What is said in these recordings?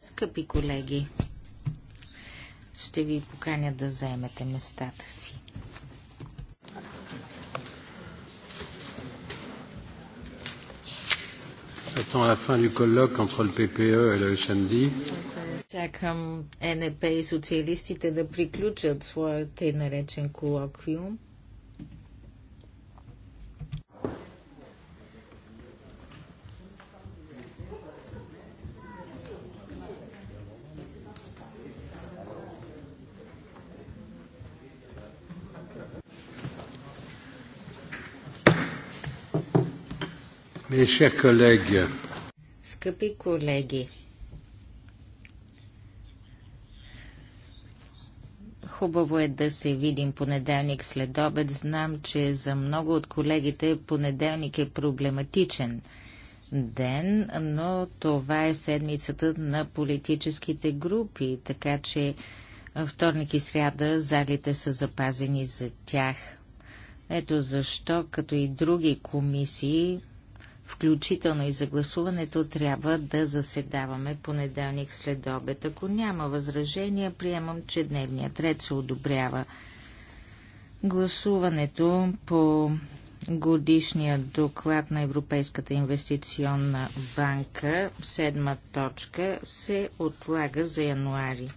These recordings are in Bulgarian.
Скъпи колеги, ще ви поканя да заемете местата си. Attends la fin du colloque entre le PPE et le SMD. Чакам НП и социалистите да приключат своят тъй наречен колоквиум. Скъпи колеги, хубаво е да се видим понеделник след обед. Знам, че за много от колегите понеделник е проблематичен ден, но това е седмицата на политическите групи, така че вторник и сряда залите са запазени за тях. Ето защо, като и други комисии, включително и за гласуването, трябва да заседаваме понеделник след обед. Ако няма възражения, приемам, че дневният ред се одобрява. Гласуването по годишния доклад на Европейската инвестиционна банка, седма точка, се отлага за януари.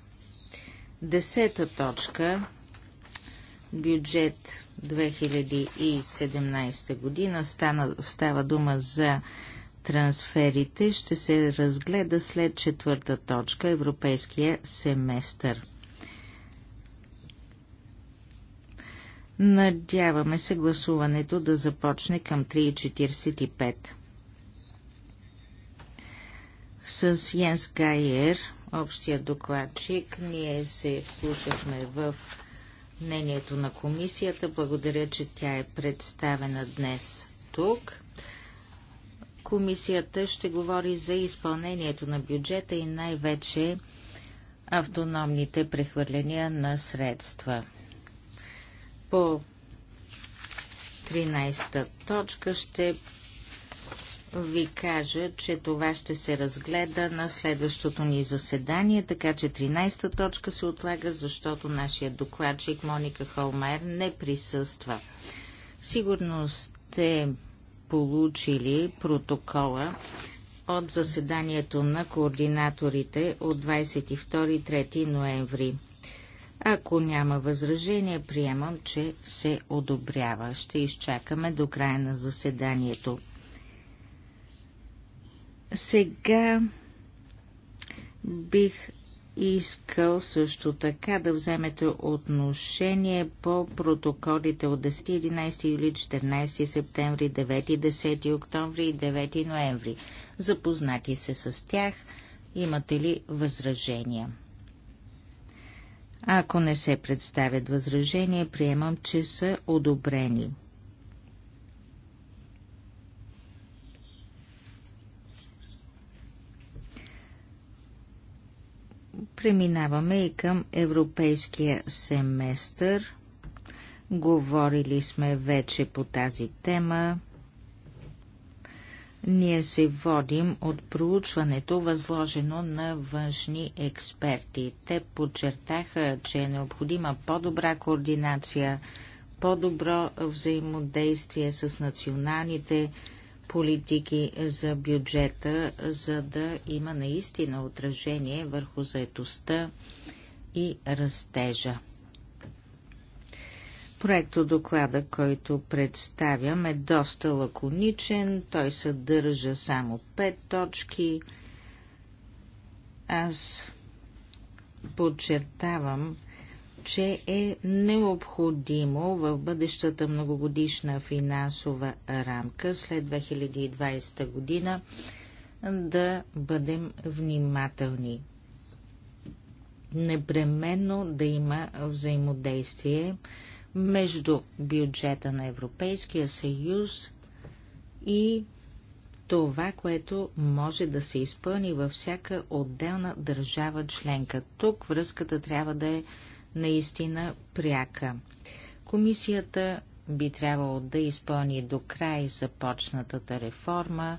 Десета точка бюджет 2017 година стана, става дума за трансферите, ще се разгледа след четвърта точка Европейския семестър. Надяваме се гласуването да започне към 3.45. С Йенс Гайер, общия докладчик, ние се слушахме в мнението на комисията. Благодаря, че тя е представена днес тук. Комисията ще говори за изпълнението на бюджета и най-вече автономните прехвърления на средства. По 13 точка ще ви кажа, че това ще се разгледа на следващото ни заседание, така че 13-та точка се отлага, защото нашия докладчик Моника Холмайер не присъства. Сигурно сте получили протокола от заседанието на координаторите от 22-3 ноември. Ако няма възражение, приемам, че се одобрява. Ще изчакаме до края на заседанието. Сега бих искал също така да вземете отношение по протоколите от 10, 11 юли, 14 септември, 9, 10 октомври и 9 ноември. Запознати се с тях. Имате ли възражения? Ако не се представят възражения, приемам, че са одобрени. Преминаваме и към европейския семестър. Говорили сме вече по тази тема. Ние се водим от проучването, възложено на външни експерти. Те подчертаха, че е необходима по-добра координация, по-добро взаимодействие с националните политики за бюджета, за да има наистина отражение върху заетостта и растежа. Проекто доклада, който представям, е доста лаконичен. Той съдържа само пет точки. Аз подчертавам, че е необходимо в бъдещата многогодишна финансова рамка след 2020 година да бъдем внимателни. Непременно да има взаимодействие между бюджета на Европейския съюз и това, което може да се изпълни във всяка отделна държава членка. Тук връзката трябва да е наистина пряка. Комисията би трябвало да изпълни до край започнатата реформа,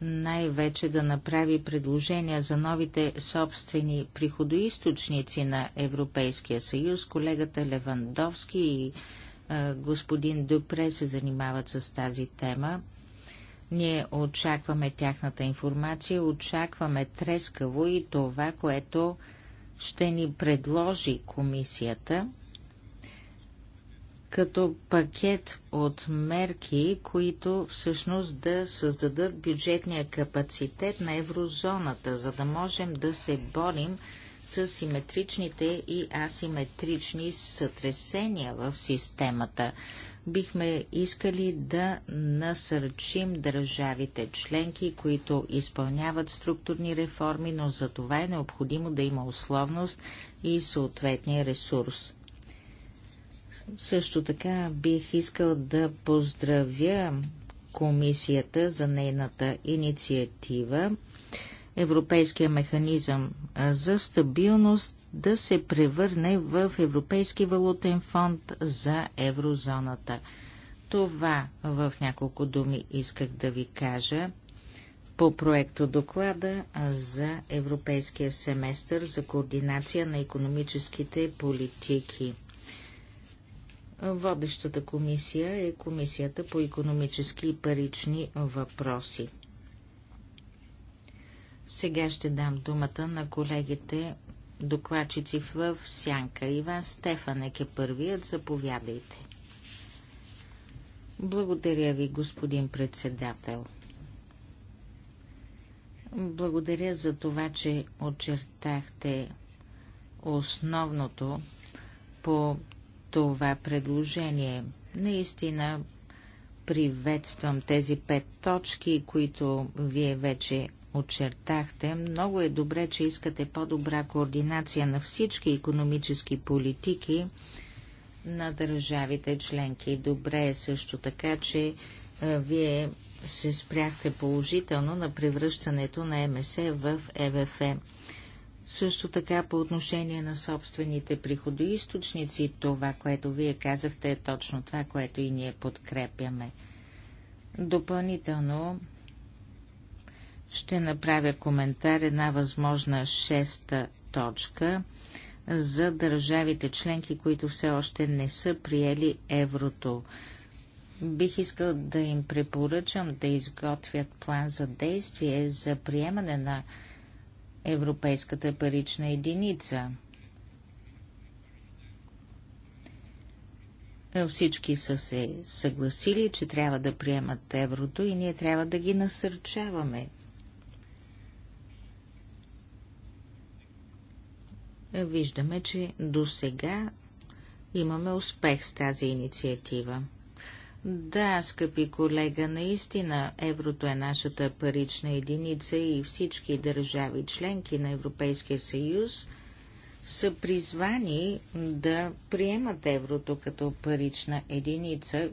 най-вече да направи предложения за новите собствени приходоисточници на Европейския съюз. Колегата Левандовски и е, господин Дупре се занимават с тази тема. Ние очакваме тяхната информация, очакваме трескаво и това, което ще ни предложи комисията като пакет от мерки, които всъщност да създадат бюджетния капацитет на еврозоната, за да можем да се борим с симетричните и асиметрични сътресения в системата бихме искали да насърчим държавите членки, които изпълняват структурни реформи, но за това е необходимо да има условност и съответния ресурс. Също така бих искал да поздравя комисията за нейната инициатива Европейския механизъм за стабилност да се превърне в Европейски валутен фонд за еврозоната. Това в няколко думи исках да ви кажа по проекто доклада за Европейския семестър за координация на економическите политики. Водещата комисия е Комисията по економически и парични въпроси. Сега ще дам думата на колегите докладчици в Сянка. Иван Стефанек е първият. Заповядайте. Благодаря ви, господин председател. Благодаря за това, че очертахте основното по това предложение. Наистина приветствам тези пет точки, които вие вече очертахте. Много е добре, че искате по-добра координация на всички економически политики на държавите членки. Добре е също така, че а, вие се спряхте положително на превръщането на МС в ЕВФ. Също така по отношение на собствените приходоисточници, това, което вие казахте, е точно това, което и ние подкрепяме. Допълнително ще направя коментар една възможна шеста точка за държавите членки, които все още не са приели еврото. Бих искал да им препоръчам да изготвят план за действие за приемане на Европейската парична единица. Всички са се съгласили, че трябва да приемат еврото и ние трябва да ги насърчаваме виждаме, че до сега имаме успех с тази инициатива. Да, скъпи колега, наистина еврото е нашата парична единица и всички държави членки на Европейския съюз са призвани да приемат еврото като парична единица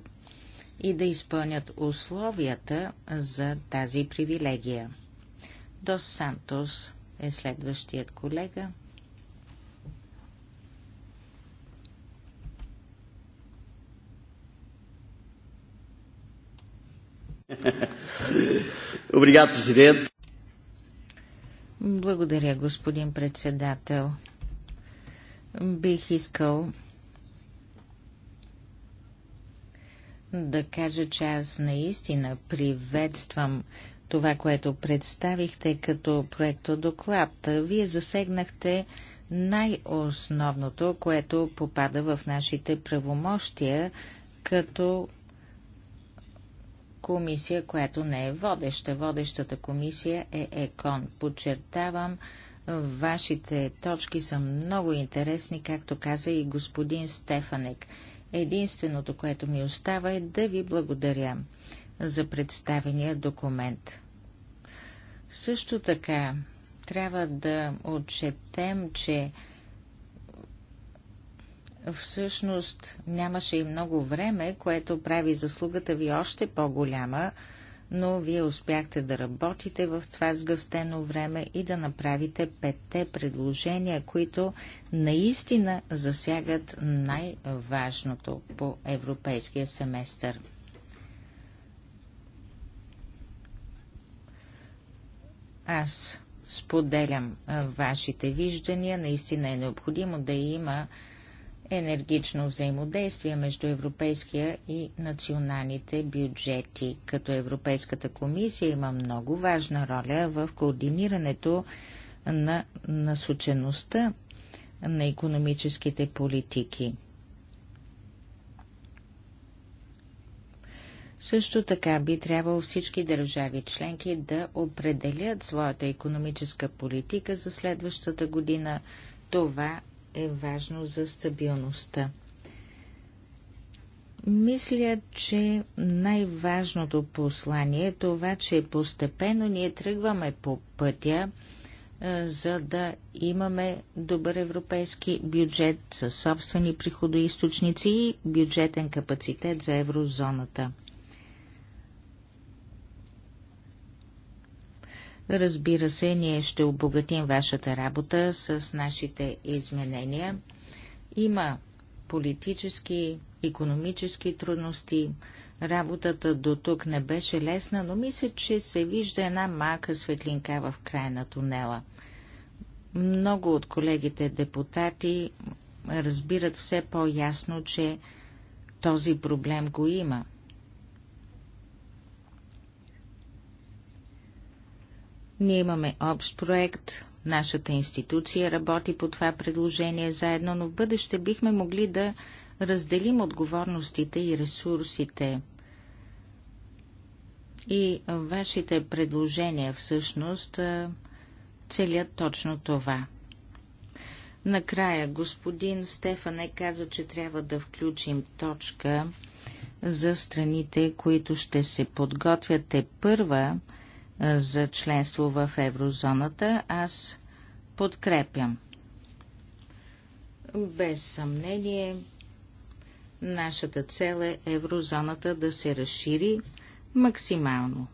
и да изпълнят условията за тази привилегия. Дос Сантос е следващият колега. Obrigado, президент. Благодаря, господин председател. Бих искал да кажа, че аз наистина приветствам това, което представихте като проекто доклад. Вие засегнахте най-основното, което попада в нашите правомощия като комисия, която не е водеща. Водещата комисия е ЕКОН. Подчертавам, вашите точки са много интересни, както каза и господин Стефанек. Единственото, което ми остава е да ви благодаря за представения документ. Също така, трябва да отчетем, че Всъщност нямаше и много време, което прави заслугата ви още по-голяма, но вие успяхте да работите в това сгъстено време и да направите петте предложения, които наистина засягат най-важното по европейския семестър. Аз споделям вашите виждания. Наистина е необходимо да има енергично взаимодействие между европейския и националните бюджети, като Европейската комисия има много важна роля в координирането на насочеността на економическите политики. Също така би трябвало всички държави членки да определят своята економическа политика за следващата година. Това е важно за стабилността. Мисля, че най-важното послание е това, че постепенно ние тръгваме по пътя, за да имаме добър европейски бюджет със собствени приходоисточници и бюджетен капацитет за еврозоната. Разбира се, ние ще обогатим вашата работа с нашите изменения. Има политически, економически трудности. Работата до тук не беше лесна, но мисля, че се вижда една малка светлинка в края на тунела. Много от колегите депутати разбират все по-ясно, че този проблем го има – Ние имаме общ проект, нашата институция работи по това предложение заедно, но в бъдеще бихме могли да разделим отговорностите и ресурсите. И вашите предложения всъщност целят точно това. Накрая господин Стефан е каза, че трябва да включим точка за страните, които ще се подготвят е първа за членство в еврозоната, аз подкрепям. Без съмнение, нашата цел е еврозоната да се разшири максимално.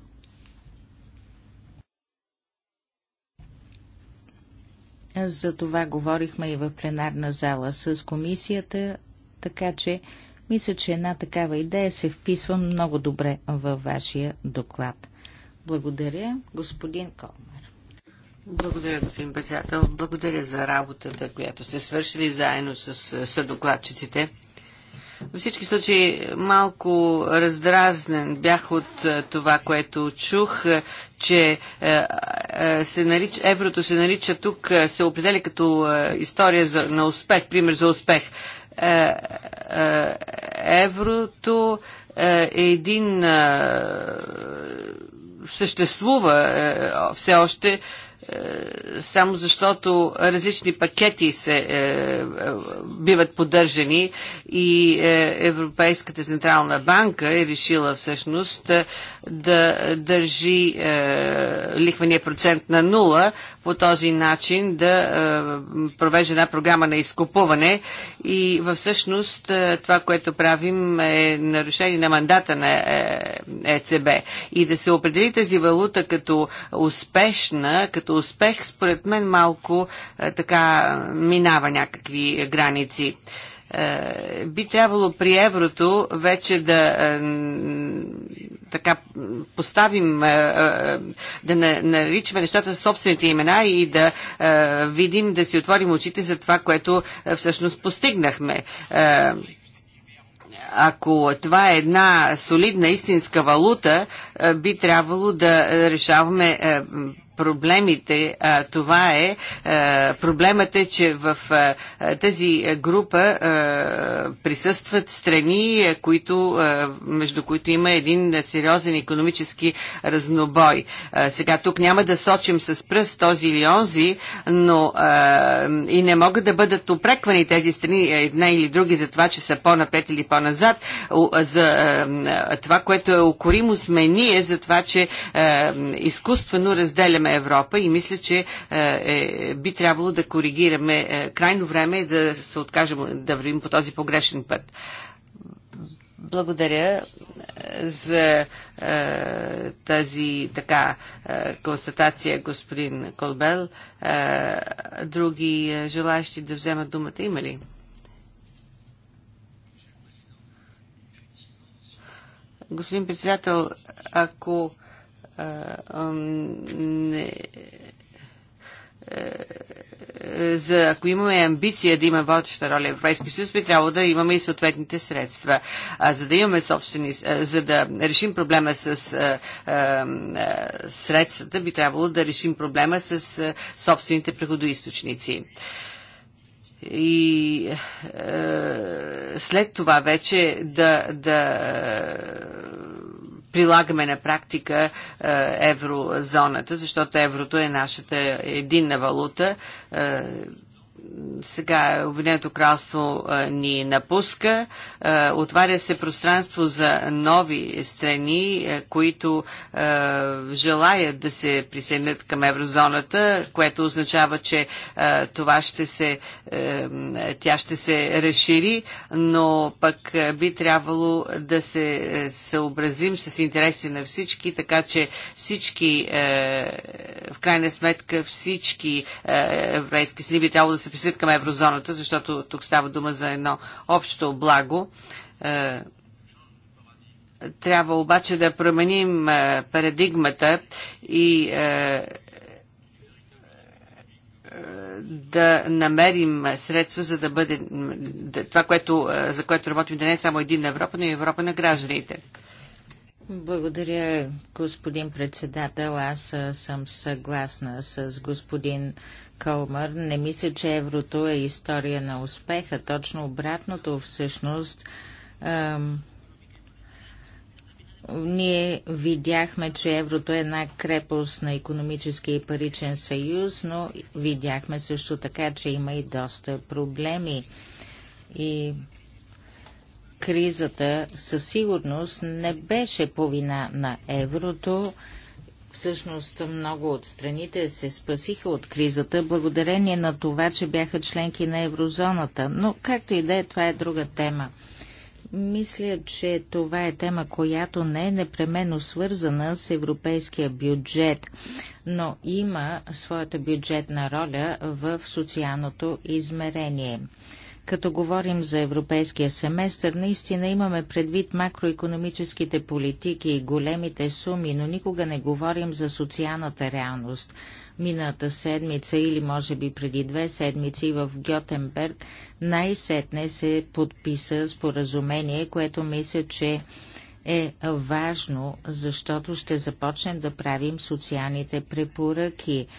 За това говорихме и в пленарна зала с комисията, така че мисля, че една такава идея се вписва много добре във вашия доклад. Благодаря, господин Колмер. Благодаря, господин председател. Благодаря за работата, която сте свършили заедно с съдокладчиците. Във всички случаи малко раздразнен бях от е, това, което чух, е, че е, се нарича, еврото се нарича тук, се определя като история за, на успех, пример за успех. Еврото е един съществува е, все още е, само защото различни пакети се е, е, биват поддържани и е, Европейската централна банка е решила всъщност е, да държи е, лихвения процент на нула, по този начин да е, провежда една програма на изкупуване и всъщност е, това, което правим е нарушение на мандата на ЕЦБ. Е и да се определи тази валута като успешна, като успех, според мен малко така минава някакви граници би трябвало при еврото вече да така поставим, е, е, да наричаме нещата с собствените имена и да е, видим, да си отворим очите за това, което всъщност постигнахме ако това е една солидна истинска валута, би трябвало да решаваме проблемите, а това е, проблемът е, че в тази група присъстват страни, които, между които има един сериозен економически разнобой. Сега тук няма да сочим с пръст този или онзи, но и не могат да бъдат опреквани тези страни, една или други, за това, че са по-напред или по-назад. За това, което е окоримо сме ние, за това, че изкуствено разделяме приема Европа и мисля, че е, е, би трябвало да коригираме. Е, крайно време и да се откажем да вървим по този погрешен път. Благодаря е, за е, тази така е, констатация, господин Колбел. Е, други е, желащи да вземат думата има ли? Господин председател, ако не, е, е, за, ако имаме амбиция да има водеща роля в Европейски съюз, би трябвало да имаме и съответните средства. А за да имаме собствени, е, за да решим проблема с а, а, средствата, би трябвало да решим проблема с а, собствените приходоисточници. И е, след това вече да, да прилагаме на практика е, еврозоната, защото еврото е нашата единна валута. Е, сега Обединеното кралство ни напуска. Отваря се пространство за нови страни, които желаят да се присъединят към еврозоната, което означава, че това ще се, тя ще се разшири, но пък би трябвало да се е, съобразим с интереси на всички, така че всички, е, в крайна сметка, всички е, европейски страни би трябвало да се присъединят присъединят към еврозоната, защото тук става дума за едно общо благо. Е, трябва обаче да променим е, парадигмата и е, да намерим средства, за да бъде това, което, за което работим, да не е само един на Европа, но и Европа на гражданите. Благодаря, господин председател. Аз съм съгласна с господин Кълмър, не мисля, че еврото е история на успеха. Точно обратното всъщност. Ам, ние видяхме, че еврото е една крепост на економически и паричен съюз, но видяхме също така, че има и доста проблеми. И кризата със сигурност не беше по вина на еврото. Всъщност много от страните се спасиха от кризата благодарение на това, че бяха членки на еврозоната. Но както и да е, това е друга тема. Мисля, че това е тема, която не е непременно свързана с европейския бюджет, но има своята бюджетна роля в социалното измерение. Като говорим за европейския семестър, наистина имаме предвид макроекономическите политики и големите суми, но никога не говорим за социалната реалност. Мината седмица или може би преди две седмици в Гьотенберг най-сетне се подписа споразумение, което мисля, че е важно, защото ще започнем да правим социалните препоръки –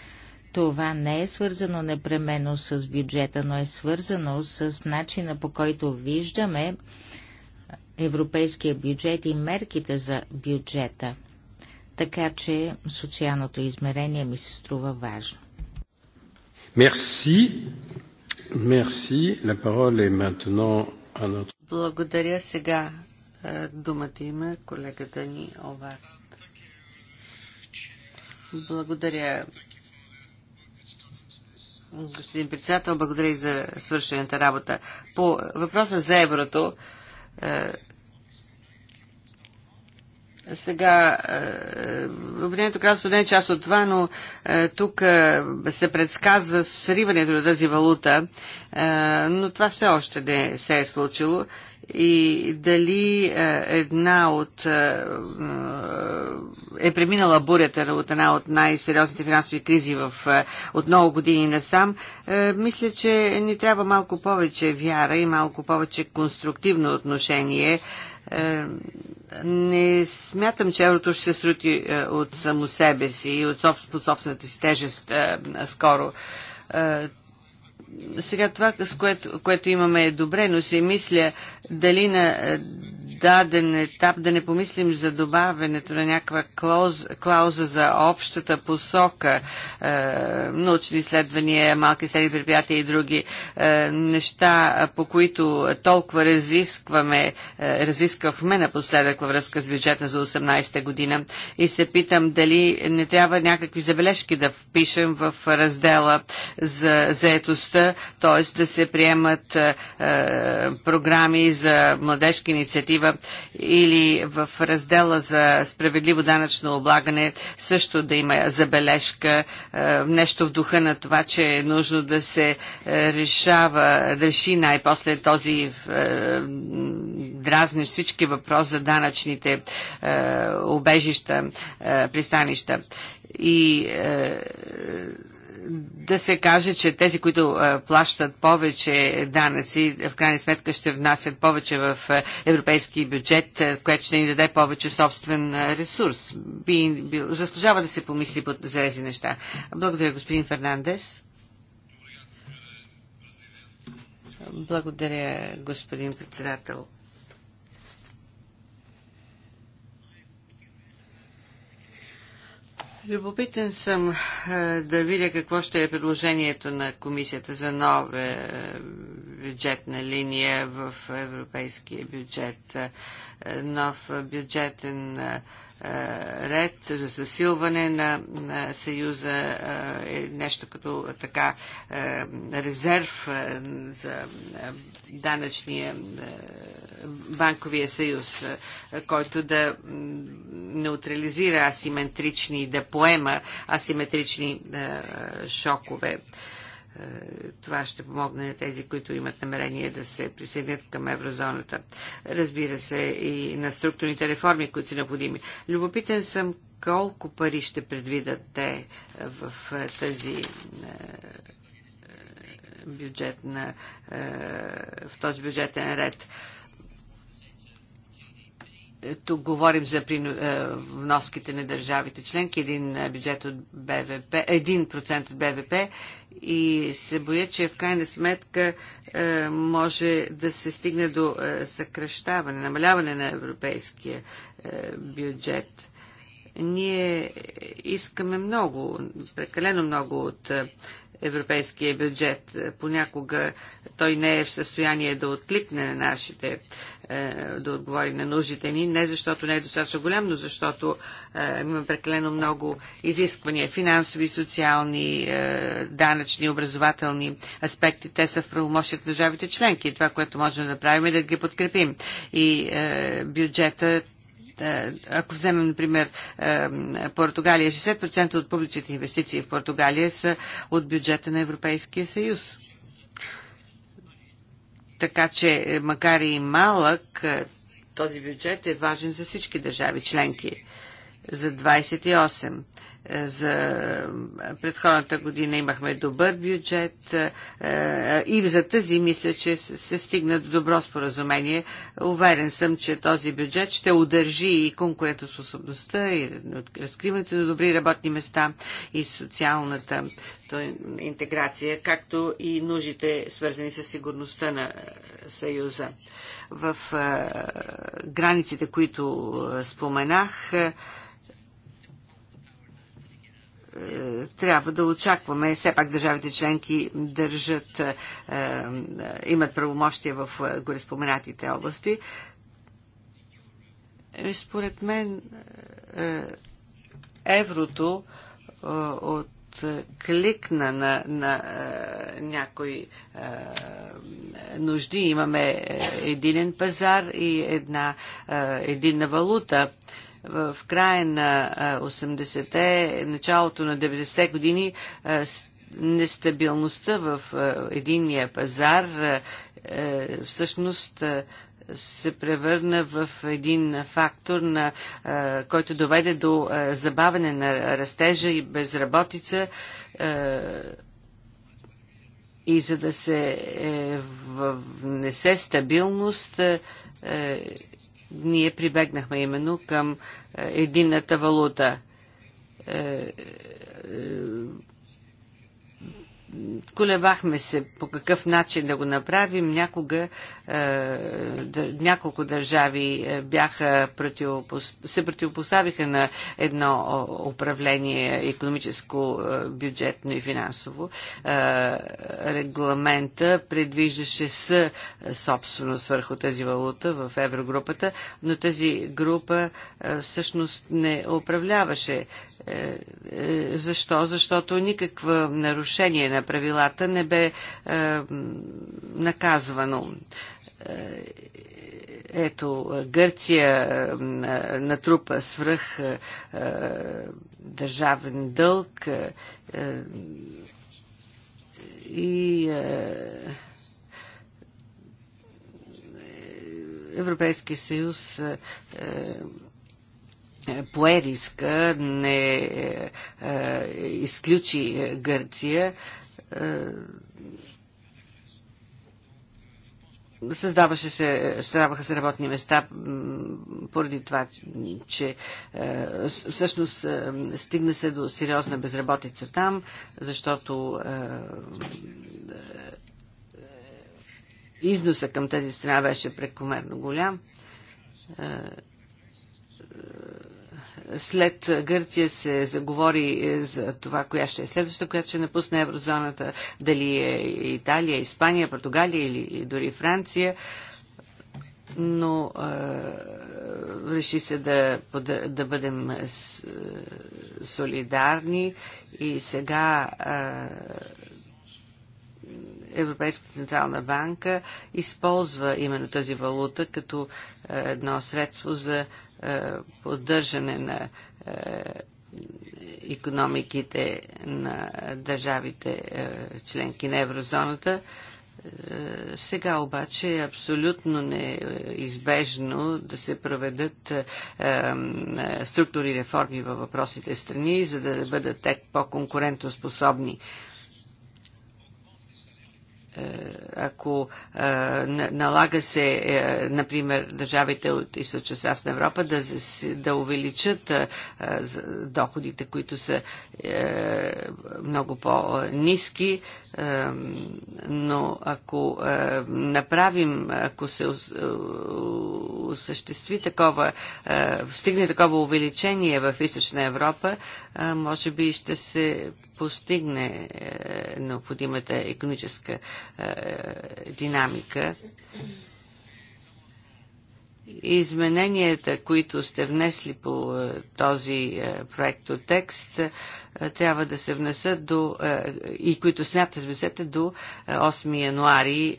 това не е свързано непременно с бюджета, но е свързано с начина по който виждаме европейския бюджет и мерките за бюджета. Така че социалното измерение ми се струва важно. Мерси. Мерси. La parole est maintenant à notre... Благодаря сега. Е, думата има колегата ни Овард. Благодаря, Господин председател, благодаря и за свършената работа. По въпроса за еврото, е, сега, е, е, Обединеното кралство не е част от това, но е, тук се предсказва сриването на тази валута, но това все още не се е случило и дали една от е преминала бурята от една от най-сериозните финансови кризи в, от много години насам, мисля, че ни трябва малко повече вяра и малко повече конструктивно отношение не смятам, че еврото ще се срути е, от само себе си и от по собствената си тежест е, скоро. Е, сега това, с което, което имаме е добре, но се мисля дали на даден етап да не помислим за добавянето на някаква клауз, клауза за общата посока, е, научни изследвания, малки средни предприятия и други е, неща, по които толкова разискваме, е, разисквахме напоследък във връзка с бюджета за 18-та година и се питам дали не трябва някакви забележки да впишем в раздела за заетостта, т.е. да се приемат е, е програми за младежки инициатива такива или в раздела за справедливо данъчно облагане също да има забележка, е, нещо в духа на това, че е нужно да се е, решава, да реши най-после този е, дразни всички въпрос за данъчните убежища, пристанища и е, да се каже, че тези, които плащат повече данъци, в крайна сметка ще внасят повече в европейски бюджет, което ще ни даде повече собствен ресурс. Би, би, заслужава да се помисли за тези неща. Благодаря, господин Фернандес. Благодаря, господин председател. Любопитен съм е, да видя какво ще е предложението на Комисията за нова е, бюджетна линия в европейския бюджет. Е, нов е, бюджетен е, ред за засилване на, Съюза е нещо като така резерв за данъчния банковия съюз, който да неутрализира асиметрични, да поема асиметрични шокове. Е, това ще помогне на тези, които имат намерение да се присъединят към еврозоната. Разбира се, и на структурните реформи, които са необходими. Любопитен съм колко пари ще предвидат те в е, тази е, на, в този бюджетен ред тук говорим за е, вноските на държавите членки, един е, бюджет от БВП, 1% от БВП и се боя, че в крайна сметка е, може да се стигне до съкръщаване, намаляване на европейския бюджет. Ние искаме много, прекалено много от европейския бюджет. Понякога той не е в състояние да откликне на нашите е, да отговори на нуждите ни. Не защото не е достатъчно голям, но защото е, имаме прекалено много изисквания. Финансови, социални, е, данъчни, образователни аспекти. Те са в правомощите на държавите членки. Това, което можем да направим е да ги подкрепим. И бюджета, ако вземем, например, Португалия, 60% от публичните инвестиции в Португалия са от бюджета на Европейския съюз. Така че, е, макар и малък, е, този бюджет е важен за всички държави членки. За 28 за предходната година имахме добър бюджет е, е, и за тази мисля, че се стигна до добро споразумение. Уверен съм, че този бюджет ще удържи и конкурентоспособността, и разкриването на добри работни места, и социалната интеграция, както и нуждите, свързани с сигурността на е, Съюза. В границите, които споменах, е, трябва да очакваме, все пак държавите членки държат, е, е, имат правомощия в гореспоменатите области. Според мен еврото от кликна на, на някои нужди. Имаме единен пазар и една единна валута. В края на 80-те, началото на 90-те години нестабилността в единния пазар е, всъщност се превърна в един фактор, на, който доведе до забавене на растежа и безработица. И за да се е, внесе стабилност, е, ние прибегнахме именно към е, единната валута е, е, колебахме се по какъв начин да го направим. Някога е, няколко държави е, бяха противопос... се противопоставиха на едно управление економическо, е, бюджетно и финансово. Регламента предвиждаше с собственост върху тази валута в еврогрупата, но тази група всъщност не управляваше е, е, защо? Защото никакво нарушение на правилата не бе е, наказвано. Ето, Гърция натрупа свръх държавен дълг и Европейския съюз е, пое риска, не е, е изключи е, Гърция, е, създаваше се, създаваха се работни места поради това, че е, всъщност е, стигна се до сериозна безработица там, защото е, износа към тези страна беше прекомерно голям след Гърция се заговори е, за това, коя ще е следващата, която ще напусне еврозоната, дали е Италия, Испания, Португалия или дори Франция но е, реши се да, да, да бъдем е, солидарни и сега е, Европейската централна банка използва именно тази валута като е, едно средство за е, поддържане на економиките на държавите е, членки на еврозоната. Е, сега обаче е абсолютно неизбежно да се проведат структури реформи във въпросите страни, за да бъдат те по-конкурентоспособни. Е, ако е, налага се, е, например, държавите от източна част на Европа да, да увеличат доходите, които са много по-низки, но ако направим, ако се е, осъществи такова, е, стигне такова увеличение в Източна Европа, е, може би ще се постигне необходимата економическа динамика измененията, които сте внесли по е, този е, проект от текст, е, трябва да се внесат до, и които смятате да внесете до 8 януари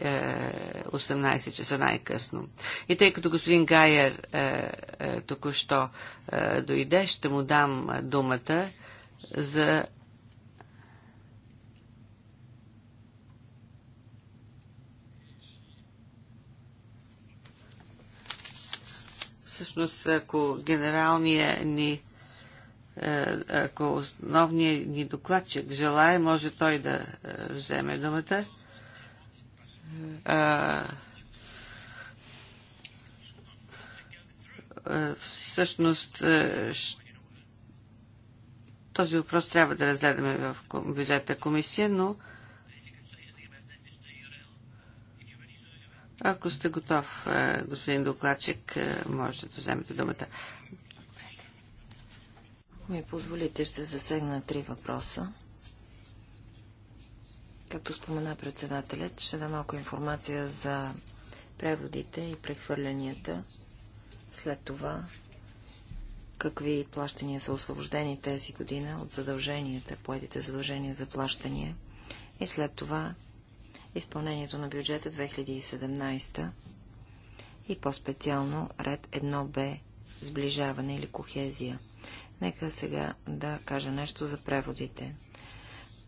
18 часа най-късно. И тъй като господин Гайер току-що дойде, ще му дам думата за всъщност ако генералния ни е, ако основният ни докладчик желая, може той да е, вземе думата. Е, всъщност, този въпрос трябва да разгледаме в бюджета комисия, но Ако сте готов, е, господин докладчик, е, можете да вземете думата. Ако ми позволите, ще засегна три въпроса. Както спомена председателят, ще дам малко информация за преводите и прехвърлянията. След това, какви плащания са освобождени тези година от задълженията, поетите задължения за плащания. И след това изпълнението на бюджета 2017 и по-специално ред 1Б сближаване или кохезия. Нека сега да кажа нещо за преводите.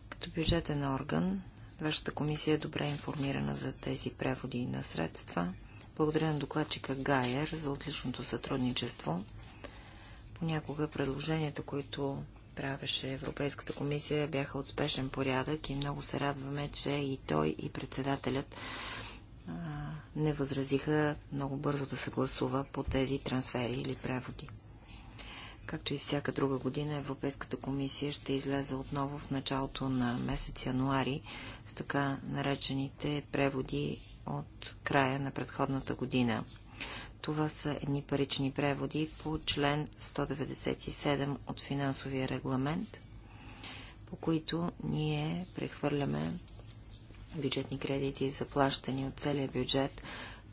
Като бюджетен орган, вашата комисия е добре информирана за тези преводи на средства. Благодаря на докладчика Гайер за отличното сътрудничество. Понякога предложенията, които правеше Европейската комисия, бяха от спешен порядък и много се радваме, че и той, и председателят а, не възразиха много бързо да се гласува по тези трансфери или преводи. Както и всяка друга година, Европейската комисия ще излезе отново в началото на месец януари с така наречените преводи от края на предходната година. Това са едни парични преводи по член 197 от финансовия регламент, по които ние прехвърляме бюджетни кредити и заплащани от целия бюджет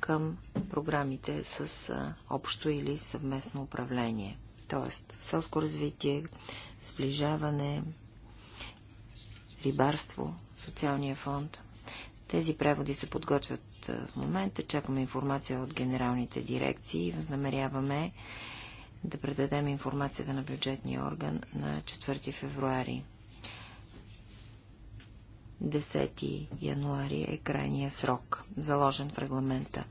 към програмите с общо или съвместно управление. Тоест, селско развитие, сближаване, рибарство, социалния фонд – тези преводи се подготвят в момента. Чакаме информация от генералните дирекции. Възнамеряваме да предадем информацията на бюджетния орган на 4 февруари. 10 януари е крайния срок, заложен в регламента.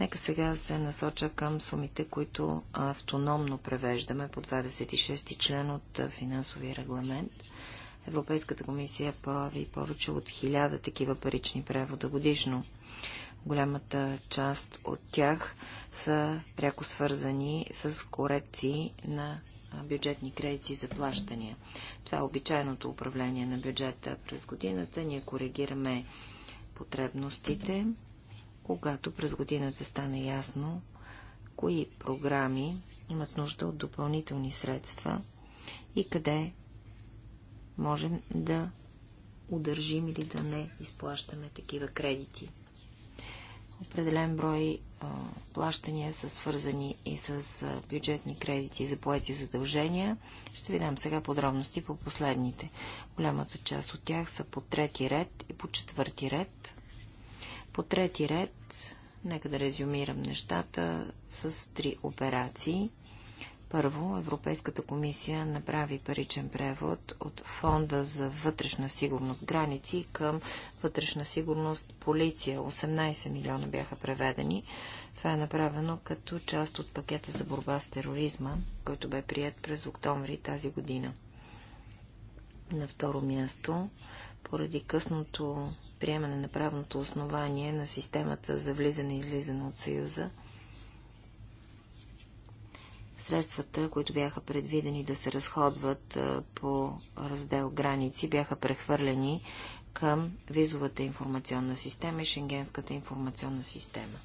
Нека сега се насоча към сумите, които автономно превеждаме по 26 член от финансовия регламент. Европейската комисия прави повече от хиляда такива парични превода годишно. Голямата част от тях са пряко свързани с корекции на бюджетни кредити за плащания. Това е обичайното управление на бюджета през годината. Ние коригираме потребностите, когато през годината стане ясно кои програми имат нужда от допълнителни средства и къде можем да удържим или да не изплащаме такива кредити. Определен брой а, плащания са свързани и с а, бюджетни кредити за поети задължения. Ще ви дам сега подробности по последните. Голямата част от тях са по трети ред и по четвърти ред. По трети ред, нека да резюмирам нещата с три операции – първо, Европейската комисия направи паричен превод от Фонда за вътрешна сигурност граници към вътрешна сигурност полиция. 18 милиона бяха преведени. Това е направено като част от пакета за борба с тероризма, който бе прият през октомври тази година. На второ място, поради късното приемане на правното основание на системата за влизане и излизане от Съюза – Средствата, които бяха предвидени да се разходват по раздел граници, бяха прехвърлени към визовата информационна система и шенгенската информационна система.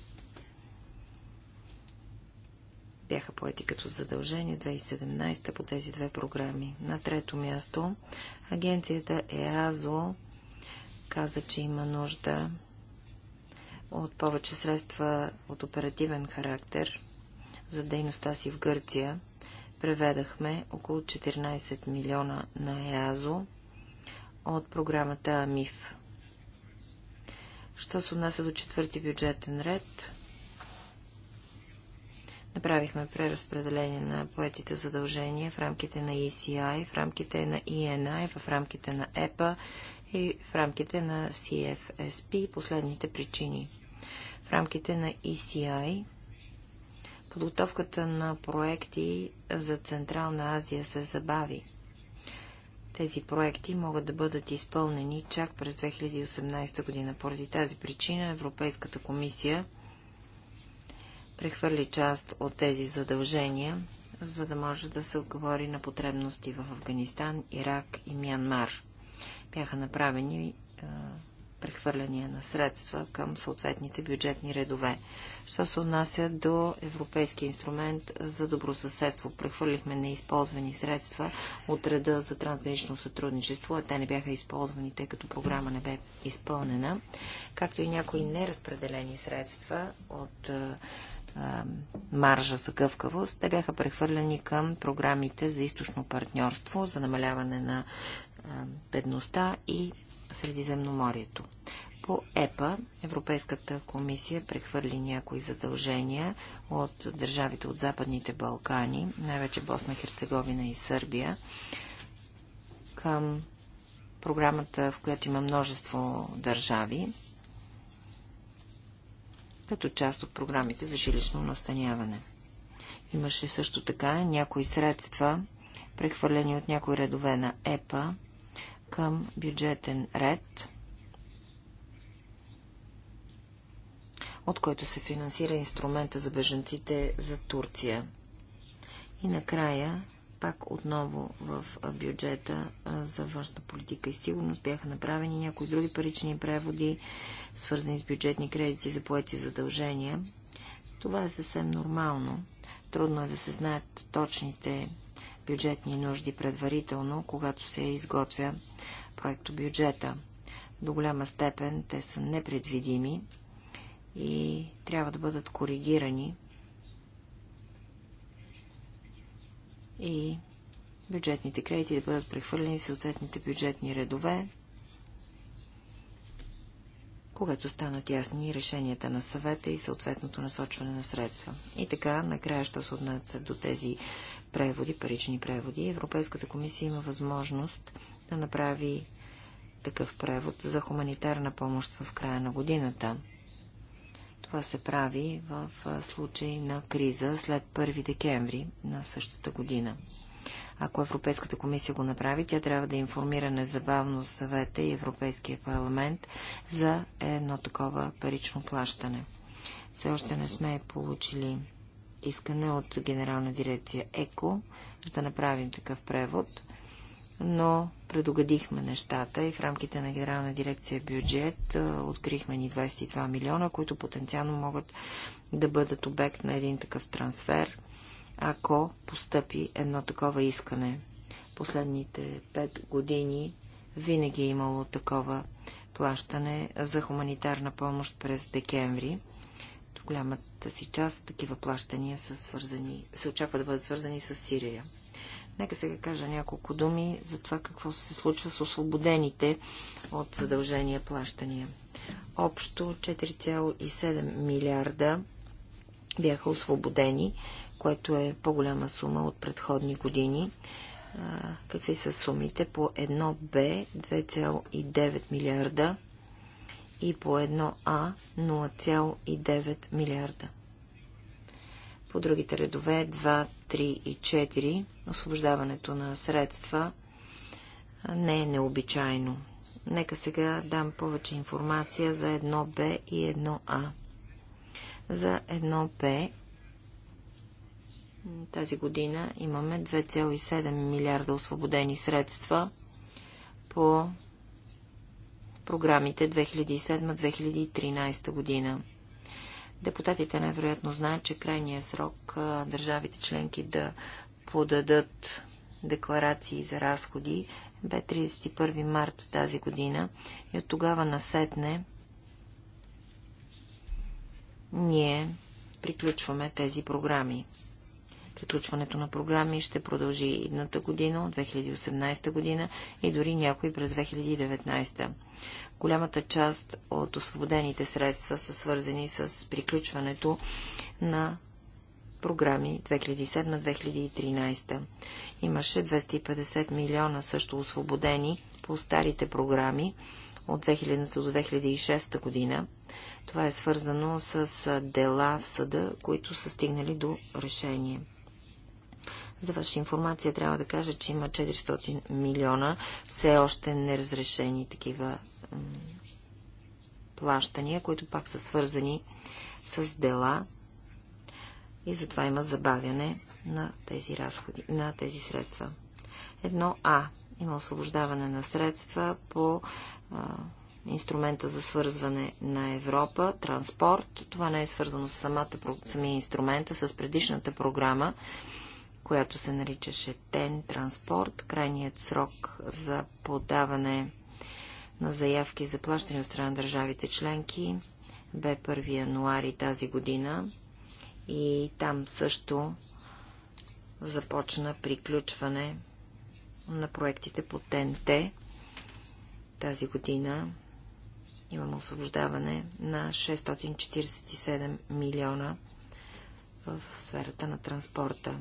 Бяха поети като задължение 2017 по тези две програми. На трето място агенцията ЕАЗО каза, че има нужда от повече средства от оперативен характер за дейността си в Гърция. Преведахме около 14 милиона на ЕАЗО от програмата АМИФ. Що се отнася до четвърти бюджетен ред, направихме преразпределение на поетите задължения в рамките на ECI, в рамките на ENI, в рамките на EPA и в рамките на CFSP последните причини. В рамките на ECI подготовката на проекти за Централна Азия се забави. Тези проекти могат да бъдат изпълнени чак през 2018 година. Поради тази причина Европейската комисия прехвърли част от тези задължения, за да може да се отговори на потребности в Афганистан, Ирак и Мянмар. Бяха направени прехвърляния на средства към съответните бюджетни редове. Що се отнася до Европейския инструмент за добросъседство? Прехвърлихме неизползвани средства от реда за трансгранично сътрудничество, а те не бяха използвани, тъй като програма не бе изпълнена, както и някои неразпределени средства от маржа за гъвкавост, те бяха прехвърлени към програмите за източно партньорство, за намаляване на бедността и Средиземноморието. По ЕПА Европейската комисия прехвърли някои задължения от държавите от Западните Балкани, най-вече Босна, Херцеговина и Сърбия, към програмата, в която има множество държави, като част от програмите за жилищно настаняване. Имаше също така някои средства, прехвърлени от някои редове на ЕПА, към бюджетен ред, от който се финансира инструмента за беженците за Турция. И накрая, пак отново в бюджета за външна политика и сигурност бяха направени някои други парични преводи, свързани с бюджетни кредити за поети задължения. Това е съвсем нормално. Трудно е да се знаят точните бюджетни нужди предварително, когато се изготвя проекто бюджета. До голяма степен те са непредвидими и трябва да бъдат коригирани и бюджетните кредити да бъдат прехвърлени в съответните бюджетни редове, когато станат ясни решенията на съвета и съответното насочване на средства. И така, накрая, ще се отнася до тези преводи, парични преводи. Европейската комисия има възможност да направи такъв превод за хуманитарна помощ в края на годината. Това се прави в случай на криза след 1 декември на същата година. Ако Европейската комисия го направи, тя трябва да информира незабавно съвета и Европейския парламент за едно такова парично плащане. Все още не сме получили искане от Генерална дирекция ЕКО да направим такъв превод, но предугадихме нещата и в рамките на Генерална дирекция бюджет открихме ни 22 милиона, които потенциално могат да бъдат обект на един такъв трансфер, ако постъпи едно такова искане. Последните 5 години винаги е имало такова плащане за хуманитарна помощ през декември голямата си част такива плащания са свързани, се очаква да бъдат свързани с Сирия. Нека сега кажа няколко думи за това какво се случва с освободените от задължения плащания. Общо 4,7 милиарда бяха освободени, което е по-голяма сума от предходни години. Какви са сумите? По 1Б 2,9 милиарда и по едно а 0,9 милиарда. По другите редове 2, 3 и 4 освобождаването на средства не е необичайно. Нека сега дам повече информация за 1Б и 1А. За 1Б тази година имаме 2,7 милиарда освободени средства по програмите 2007-2013 година. Депутатите най-вероятно знаят, че крайният срок държавите членки да подадат декларации за разходи бе 31 март тази година и от тогава насетне ние приключваме тези програми. Приключването на програми ще продължи идната година, 2018 година и дори някои през 2019. Голямата част от освободените средства са свързани с приключването на програми 2007-2013. Имаше 250 милиона също освободени по старите програми от 2000 до 2006 година. Това е свързано с дела в съда, които са стигнали до решение. За ваша информация трябва да кажа, че има 400 милиона все още неразрешени такива плащания, които пак са свързани с дела и затова има забавяне на тези, разходи, на тези средства. Едно А. Има освобождаване на средства по а, инструмента за свързване на Европа, транспорт. Това не е свързано с самата, самия инструмент, а с предишната програма, която се наричаше ТЕН, транспорт. Крайният срок за подаване на заявки за плащане от страна на държавите членки бе 1 януари тази година и там също започна приключване на проектите по ТНТ. Тази година имаме освобождаване на 647 милиона в сферата на транспорта.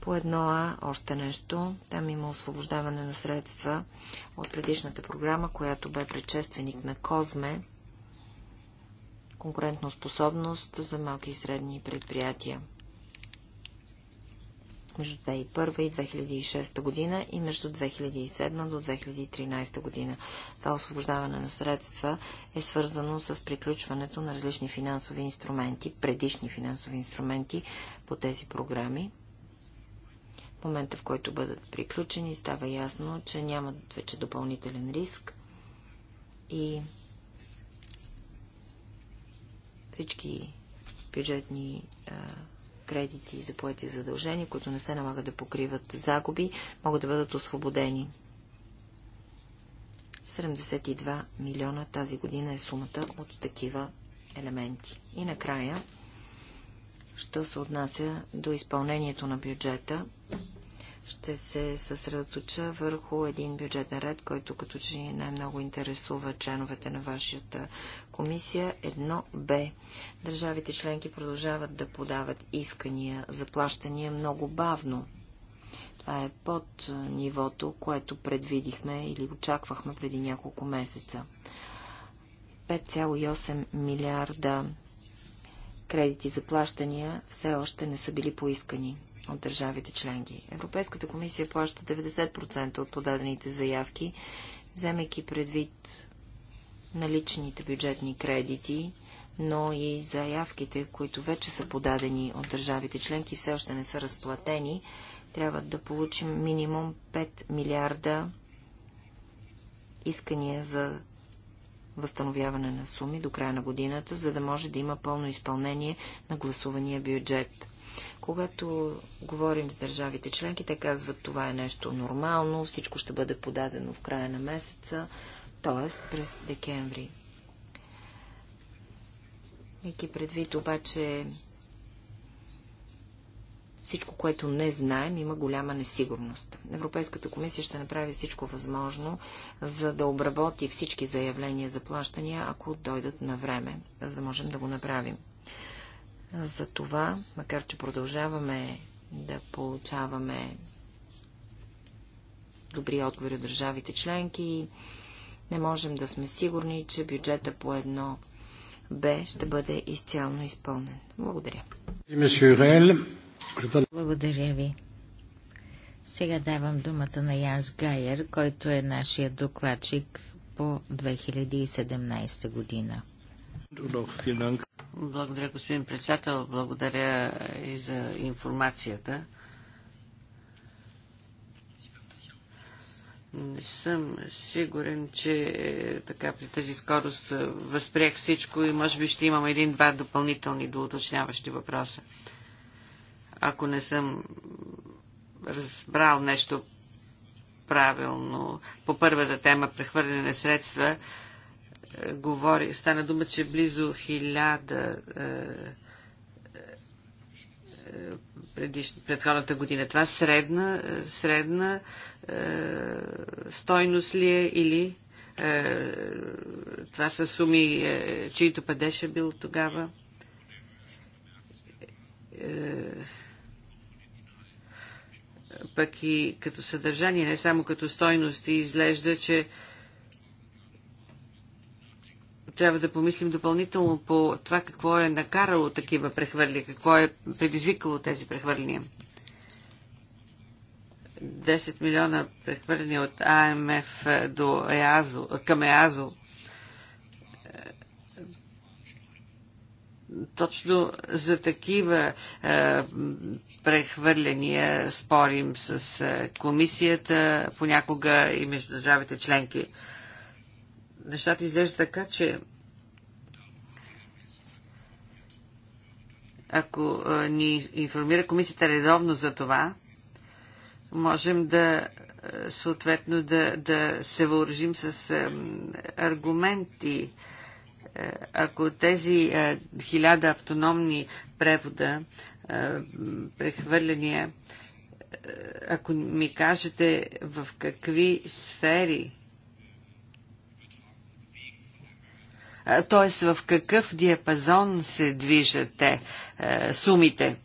По едно А още нещо. Там има освобождаване на средства от предишната програма, която бе предшественик на Козме. Конкурентна способност за малки и средни предприятия между 2001 и 2006 година и между 2007 до 2013 година. Това освобождаване на средства е свързано с приключването на различни финансови инструменти, предишни финансови инструменти по тези програми. В момента, в който бъдат приключени, става ясно, че няма вече допълнителен риск и всички бюджетни а, кредити за поети задължения, които не се налага да покриват загуби, могат да бъдат освободени. 72 милиона тази година е сумата от такива елементи. И накрая, що се отнася до изпълнението на бюджета, ще се съсредоточа върху един бюджетен ред, който като че ни най-много интересува членовете на вашата комисия. Едно Б. Държавите членки продължават да подават искания за плащания много бавно. Това е под нивото, което предвидихме или очаквахме преди няколко месеца. 5,8 милиарда кредити за плащания все още не са били поискани от държавите членки. Европейската комисия плаща 90% от подадените заявки, вземайки предвид наличните бюджетни кредити, но и заявките, които вече са подадени от държавите членки, все още не са разплатени, трябва да получим минимум 5 милиарда искания за възстановяване на суми до края на годината, за да може да има пълно изпълнение на гласувания бюджет. Когато говорим с държавите членки, те казват, това е нещо нормално, всичко ще бъде подадено в края на месеца, т.е. през декември. Ики предвид обаче всичко, което не знаем, има голяма несигурност. Европейската комисия ще направи всичко възможно, за да обработи всички заявления за плащания, ако дойдат на време, за да можем да го направим. За това, макар че продължаваме да получаваме добри отговори от държавите членки, не можем да сме сигурни, че бюджета по едно Б ще бъде изцяло изпълнен. Благодаря. Благодаря ви. Сега давам думата на Янс Гайер, който е нашия докладчик по 2017 година. Благодаря, господин председател. Благодаря и за информацията. Не съм сигурен, че е, така при тази скорост е, възприех всичко и може би ще имам един-два допълнителни доуточняващи въпроса. Ако не съм разбрал нещо правилно по първата тема прехвърляне на средства, е, говори, стана дума, че близо хиляда е, е, предходната година. Това средна, средна е, стойност ли е или е, това са суми, е, чието падеж е бил тогава? Е, пък и като съдържание, не само като стойност, изглежда, че е, трябва да помислим допълнително по това какво е накарало такива прехвърли, какво е предизвикало тези прехвърляния. 10 милиона прехвърлени от АМФ до ЕАЗО, към ЕАЗО. Точно за такива е, прехвърляния спорим с е, комисията, понякога и между държавите членки. Е, нещата изглеждат така, че ако ни информира комисията редовно за това, можем да съответно да, да се въоръжим с аргументи. Ако тези хиляда автономни превода, прехвърляния, ако ми кажете в какви сфери т.е. в какъв диапазон се движат те, е, сумите.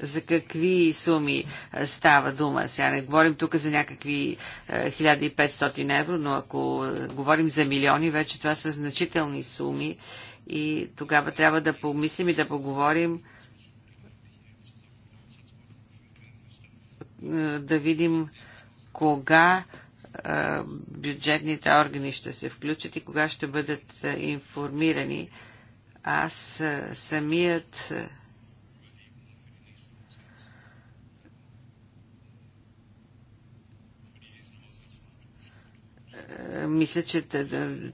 За какви суми е, става дума? Сега не говорим тук за някакви 1500 е, евро, но ако говорим за милиони, вече това са значителни суми и тогава трябва да помислим и да поговорим да видим кога бюджетните органи ще се включат и кога ще бъдат информирани. Аз самият мисля, че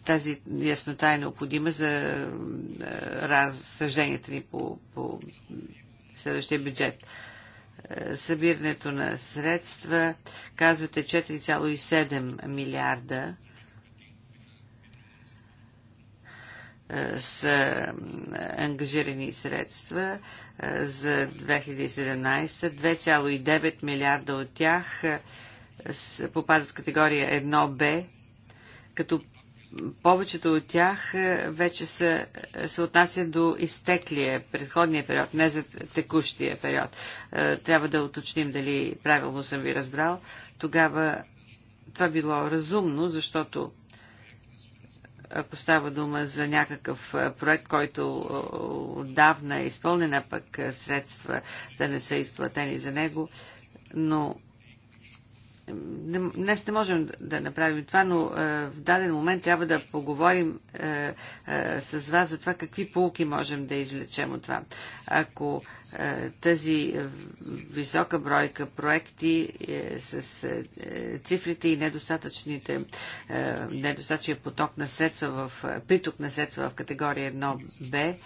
тази яснота е необходима за разсъжденията ни по, по следващия бюджет събирането на средства. Казвате 4,7 милиарда е, с е, ангажирани средства е, за 2017. 2,9 милиарда от тях попадат в категория 1Б, като повечето от тях е, вече са, е, се отнасят до изтеклия предходния период, не за текущия период. Е, трябва да уточним дали правилно съм ви разбрал. Тогава това било разумно, защото ако става дума за някакъв проект, който отдавна е изпълнена пък средства да не са изплатени за него, но Днес не можем да направим това, но е, в даден момент трябва да поговорим е, е, с вас за това какви полки можем да извлечем от това. Ако тази висока бройка проекти с цифрите и недостатъчните, недостатъчния поток на средства в, приток на средства в категория 1Б,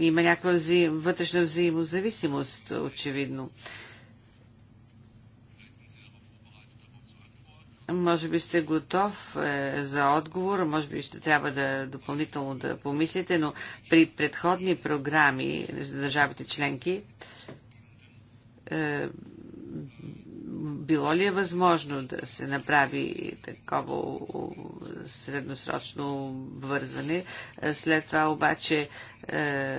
има някаква вътрешна взаимозависимост, очевидно. Може би сте готов е, за отговор, може би ще трябва да допълнително да помислите, но при предходни програми за държавите членки е, било ли е възможно да се направи такова средносрочно вързане? След това обаче, е,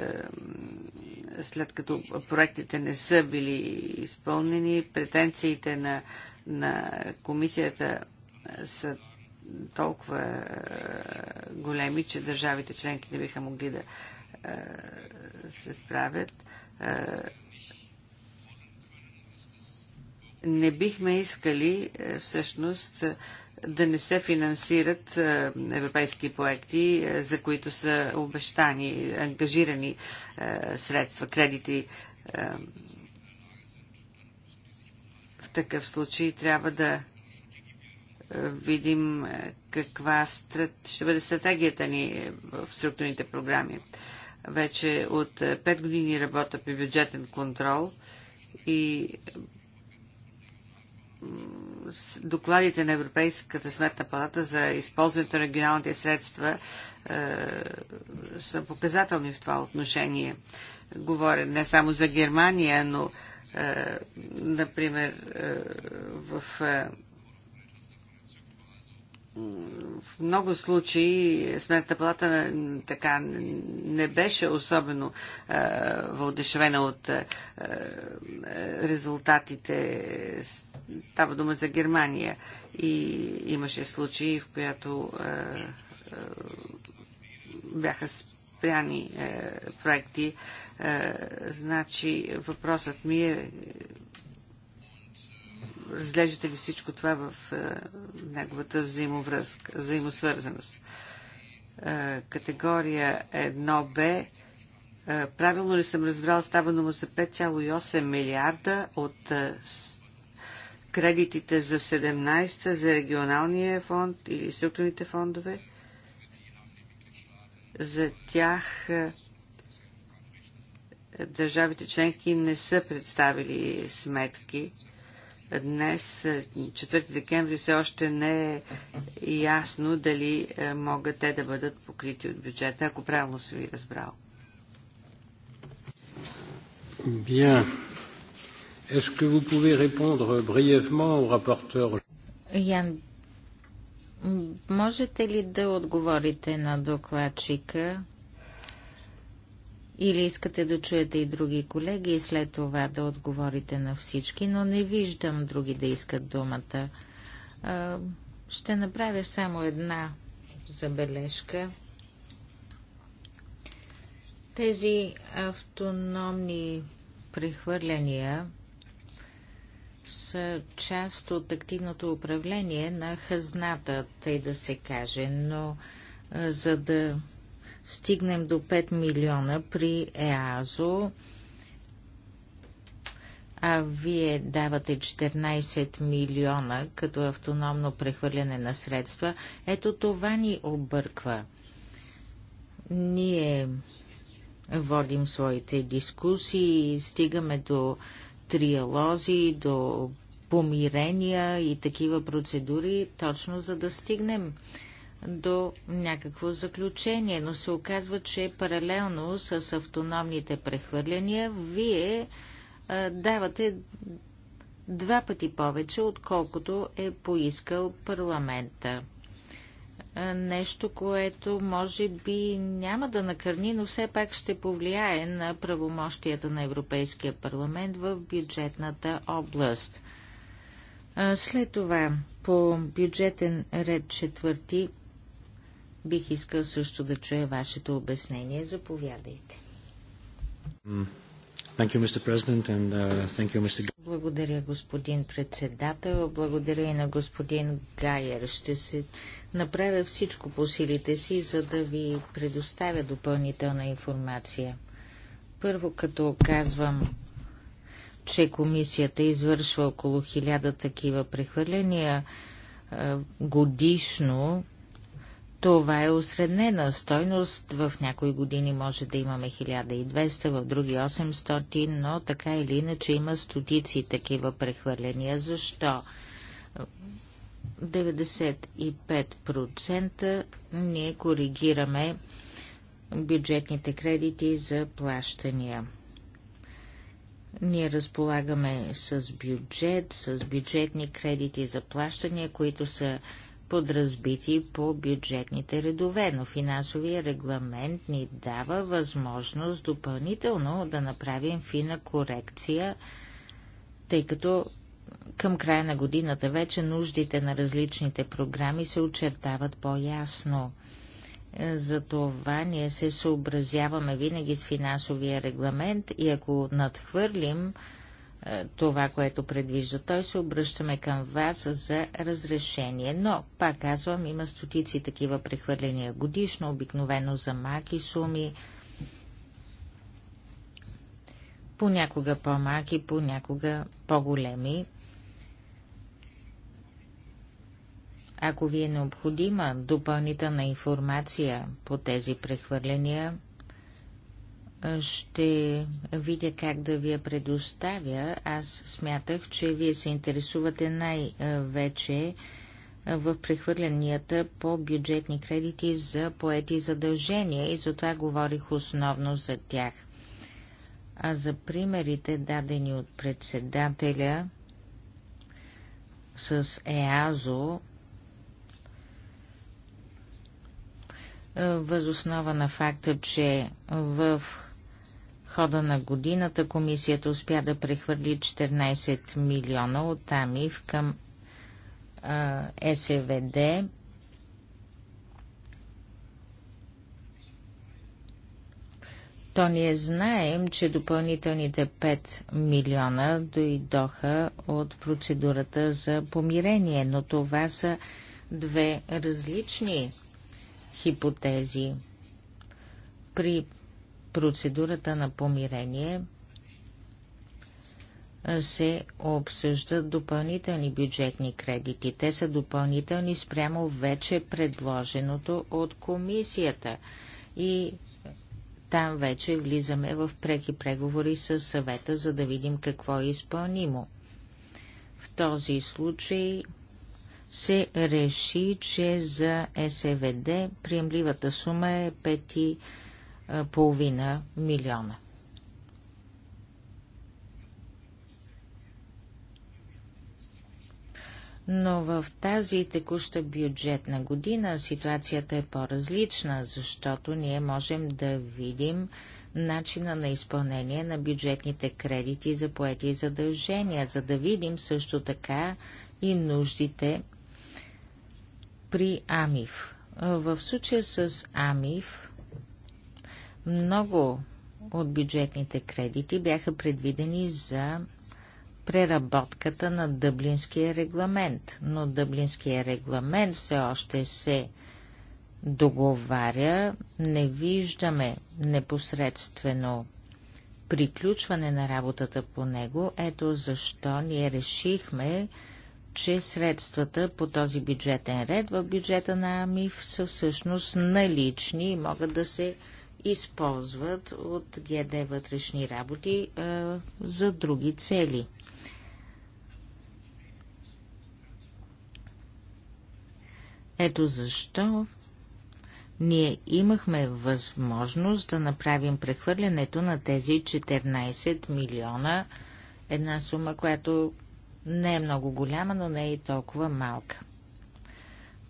след като проектите не са били изпълнени, претенциите на на комисията са толкова е, големи, че държавите членки не биха могли да е, се справят. Е, не бихме искали всъщност да не се финансират европейски проекти, за които са обещани, ангажирани средства, кредити в такъв случай трябва да е, видим е, каква страт... ще бъде стратегията ни е, в структурните програми. Вече от 5 години работа при бюджетен контрол и докладите на Европейската сметна палата за използването на регионалните средства е, са показателни в това отношение. Говоря не само за Германия, но е, например, е, в е, в много случаи Сметната палата така не беше особено въодушевена от резултатите. Става дума за Германия и имаше случаи, в която бяха спряни проекти е, значи въпросът ми е разглеждате ли всичко това в е, неговата взаимовръзка, взаимосвързаност? Е, категория 1Б правилно ли съм разбрал, става дума за 5,8 милиарда от кредитите за 17-та, за регионалния фонд или структурните фондове. За тях държавите членки не са представили сметки. Днес, 4 е, декември, все още не е ясно дали е, могат те да бъдат покрити от бюджета, ако правилно съм ви разбрал. Bien. Est-ce que vous pouvez répondre brièvement au rapporteur Ян, можете ли да отговорите на докладчика? Или искате да чуете и други колеги и след това да отговорите на всички, но не виждам други да искат думата. Ще направя само една забележка. Тези автономни прехвърляния са част от активното управление на хазната, тъй да се каже, но за да стигнем до 5 милиона при ЕАЗО, а вие давате 14 милиона като автономно прехвърляне на средства, ето това ни обърква. Ние водим своите дискусии, стигаме до триалози, до помирения и такива процедури, точно за да стигнем до някакво заключение, но се оказва, че паралелно с автономните прехвърляния, вие а, давате два пъти повече, отколкото е поискал парламента. Нещо, което може би няма да накърни, но все пак ще повлияе на правомощията на Европейския парламент в бюджетната област. След това по бюджетен ред четвърти Бих искал също да чуя вашето обяснение. Заповядайте. Thank you, Mr. President, and uh, thank you, Mr. Благодаря, господин председател. Благодаря и на господин Гайер. Ще се направя всичко по силите си, за да ви предоставя допълнителна информация. Първо, като казвам, че комисията извършва около хиляда такива прехвърления годишно, това е осреднена стойност. В някои години може да имаме 1200, в други 800, но така или иначе има стотици такива прехвърления. Защо? 95% ние коригираме бюджетните кредити за плащания. Ние разполагаме с бюджет, с бюджетни кредити за плащания, които са подразбити по бюджетните редове, но финансовия регламент ни дава възможност допълнително да направим фина корекция, тъй като към края на годината вече нуждите на различните програми се очертават по-ясно. Затова ние се съобразяваме винаги с финансовия регламент и ако надхвърлим е, това, което предвижда. Той се обръщаме към вас за разрешение, но, пак казвам, има стотици такива прехвърления годишно, обикновено за маки суми, понякога по-маки, понякога по-големи. Ако ви е необходима допълнителна информация по тези прехвърления, ще видя как да ви я предоставя. Аз смятах, че вие се интересувате най-вече в прехвърлянията по бюджетни кредити за поети задължения и затова говорих основно за тях. А за примерите, дадени от председателя с ЕАЗО, възоснова на факта, че в хода на годината комисията успя да прехвърли 14 милиона от АМИФ към а, СВД. То ние знаем, че допълнителните 5 милиона дойдоха от процедурата за помирение, но това са две различни хипотези. При процедурата на помирение се обсъждат допълнителни бюджетни кредити. Те са допълнителни спрямо вече предложеното от комисията. И там вече влизаме в преки преговори с съвета, за да видим какво е изпълнимо. В този случай се реши, че за СВД приемливата сума е 5 половина милиона. Но в тази текуща бюджетна година ситуацията е по-различна, защото ние можем да видим начина на изпълнение на бюджетните кредити за поети и задължения, за да видим също така и нуждите при АМИФ. В случая с АМИФ много от бюджетните кредити бяха предвидени за преработката на Дъблинския регламент, но Дъблинския регламент все още се договаря. Не виждаме непосредствено приключване на работата по него. Ето защо ние решихме, че средствата по този бюджетен ред в бюджета на АМИФ са всъщност налични и могат да се използват от ГД вътрешни работи а, за други цели. Ето защо ние имахме възможност да направим прехвърлянето на тези 14 милиона, една сума, която не е много голяма, но не е и толкова малка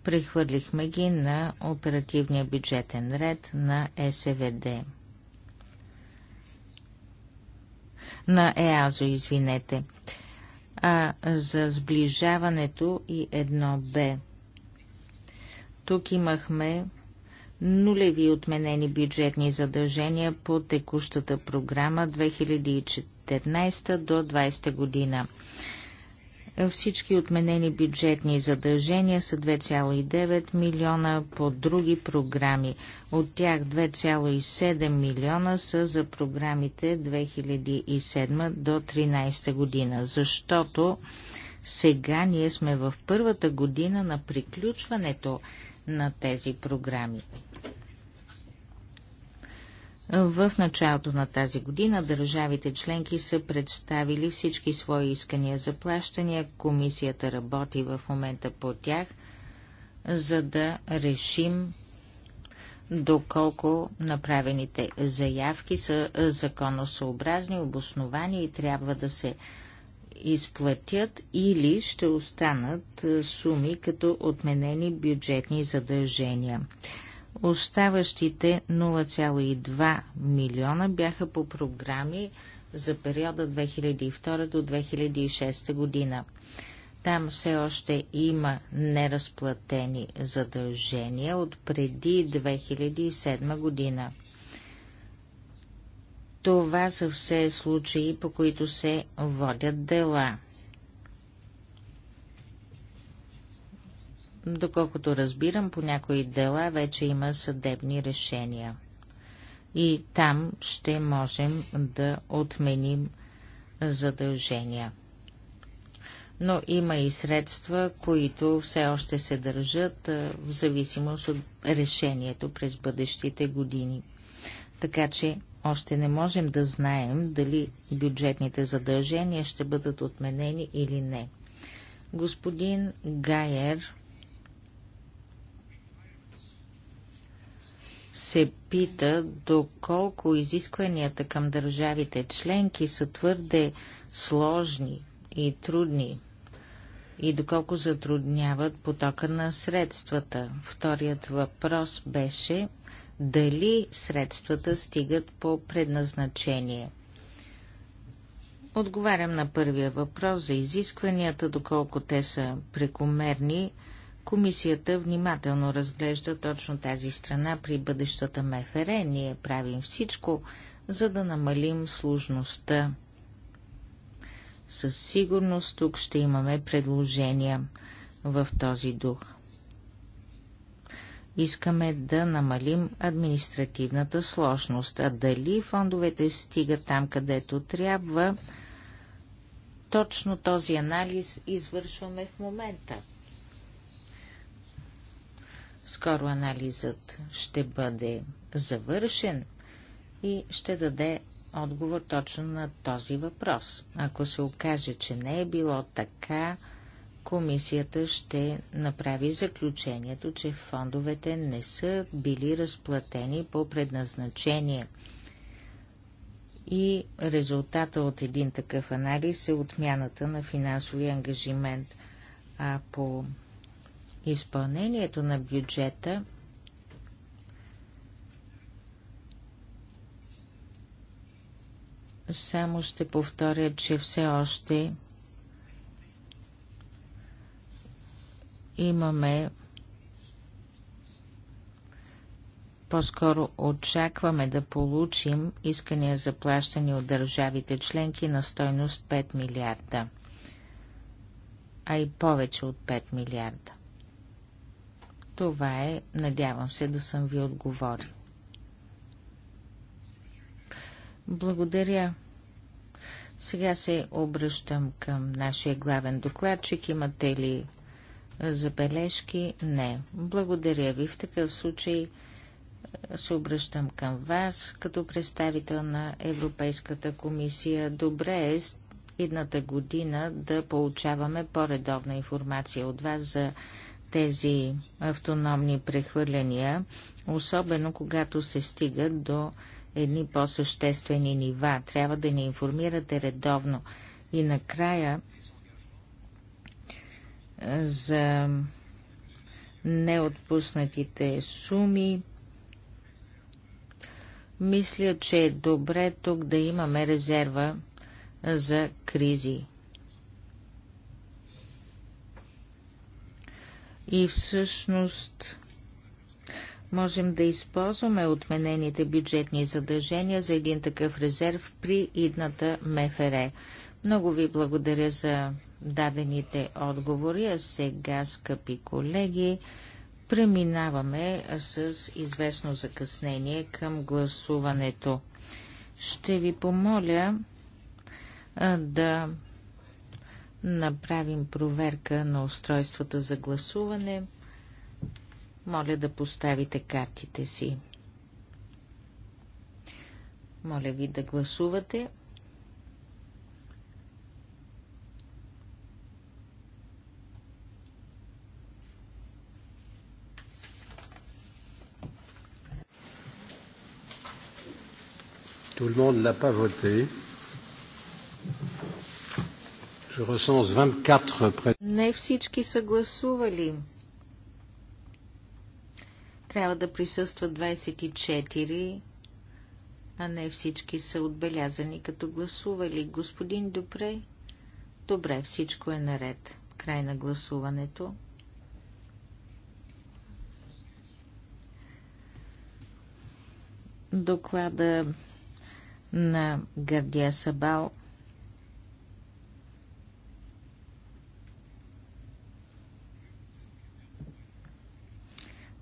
прехвърлихме ги на оперативния бюджетен ред на СВД. На ЕАЗО, извинете. А за сближаването и едно б Тук имахме нулеви отменени бюджетни задължения по текущата програма 2014 до 2020 година. Всички отменени бюджетни задължения са 2,9 милиона по други програми. От тях 2,7 милиона са за програмите 2007 до 2013 година, защото сега ние сме в първата година на приключването на тези програми. В началото на тази година държавите членки са представили всички свои искания за плащания. Комисията работи в момента по тях, за да решим доколко направените заявки са законосъобразни, обосновани и трябва да се изплатят или ще останат суми като отменени бюджетни задължения. Оставащите 0,2 милиона бяха по програми за периода 2002 до 2006 година. Там все още има неразплатени задължения от преди 2007 година. Това са все случаи, по които се водят дела. Доколкото разбирам, по някои дела вече има съдебни решения. И там ще можем да отменим задължения. Но има и средства, които все още се държат в зависимост от решението през бъдещите години. Така че още не можем да знаем дали бюджетните задължения ще бъдат отменени или не. Господин Гайер се пита доколко изискванията към държавите членки са твърде сложни и трудни и доколко затрудняват потока на средствата. Вторият въпрос беше дали средствата стигат по предназначение. Отговарям на първия въпрос за изискванията, доколко те са прекомерни. Комисията внимателно разглежда точно тази страна при бъдещата МФР. Ние правим всичко, за да намалим сложността. Със сигурност тук ще имаме предложения в този дух. Искаме да намалим административната сложност, а дали фондовете стигат там, където трябва, точно този анализ извършваме в момента. Скоро анализът ще бъде завършен и ще даде отговор точно на този въпрос. Ако се окаже, че не е било така, комисията ще направи заключението, че фондовете не са били разплатени по предназначение. И резултата от един такъв анализ е отмяната на финансови ангажимент. А по изпълнението на бюджета само ще повторя, че все още имаме по-скоро очакваме да получим искания за плащане от държавите членки на стойност 5 милиарда, а и повече от 5 милиарда. Това е, надявам се, да съм ви отговорил. Благодаря. Сега се обръщам към нашия главен докладчик. Имате ли забележки? Не. Благодаря ви. В такъв случай е, се обръщам към вас като представител на Европейската комисия. Добре е едната година да получаваме по-редовна информация от вас за тези автономни прехвърляния, особено когато се стига до едни по-съществени нива. Трябва да ни информирате редовно. И накрая за неотпуснатите суми. Мисля, че е добре тук да имаме резерва за кризи. и всъщност можем да използваме отменените бюджетни задължения за един такъв резерв при идната МФР. Много ви благодаря за дадените отговори, а сега, скъпи колеги, преминаваме с известно закъснение към гласуването. Ще ви помоля да направим проверка на устройствата за гласуване. Моля да поставите картите си. Моля ви да гласувате. Tout le monde l'a pas voté. Не всички са гласували. Трябва да присъстват 24, а не всички са отбелязани като гласували. Господин Добре, добре, всичко е наред. Край на гласуването. Доклада на Гардия Сабал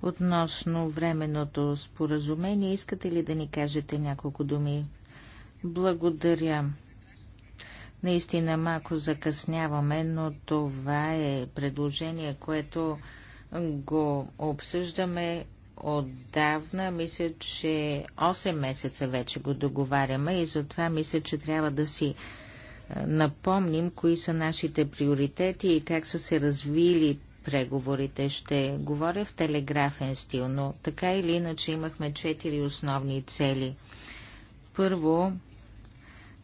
Относно временното споразумение, искате ли да ни кажете няколко думи? Благодаря. Наистина малко закъсняваме, но това е предложение, което го обсъждаме отдавна. Мисля, че 8 месеца вече го договаряме и затова мисля, че трябва да си е, напомним кои са нашите приоритети и как са се развили преговорите. Ще говоря в телеграфен стил, но така или иначе имахме четири основни цели. Първо,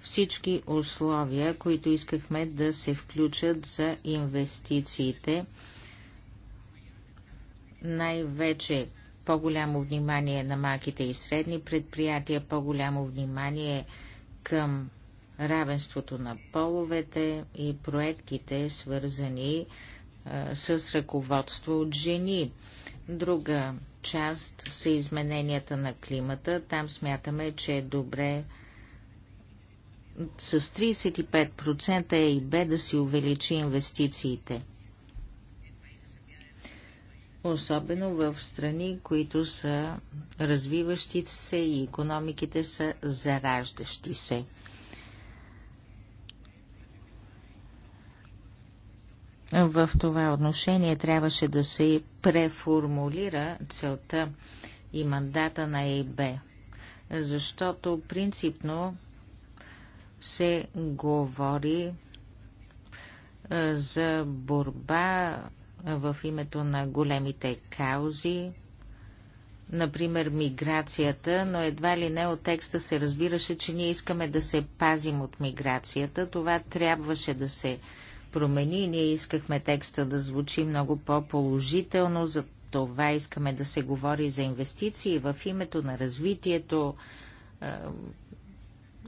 всички условия, които искахме да се включат за инвестициите, най-вече по-голямо внимание на малките и средни предприятия, по-голямо внимание към равенството на половете и проектите, свързани с с ръководство от жени. Друга част са измененията на климата. Там смятаме, че е добре с 35% Е и Б да си увеличи инвестициите. Особено в страни, които са развиващи се и економиките са зараждащи се. В това отношение трябваше да се преформулира целта и мандата на ЕБ, защото принципно се говори за борба в името на големите каузи, например миграцията, но едва ли не от текста се разбираше, че ние искаме да се пазим от миграцията. Това трябваше да се промени. Ние искахме текста да звучи много по-положително, за това искаме да се говори за инвестиции в името на развитието,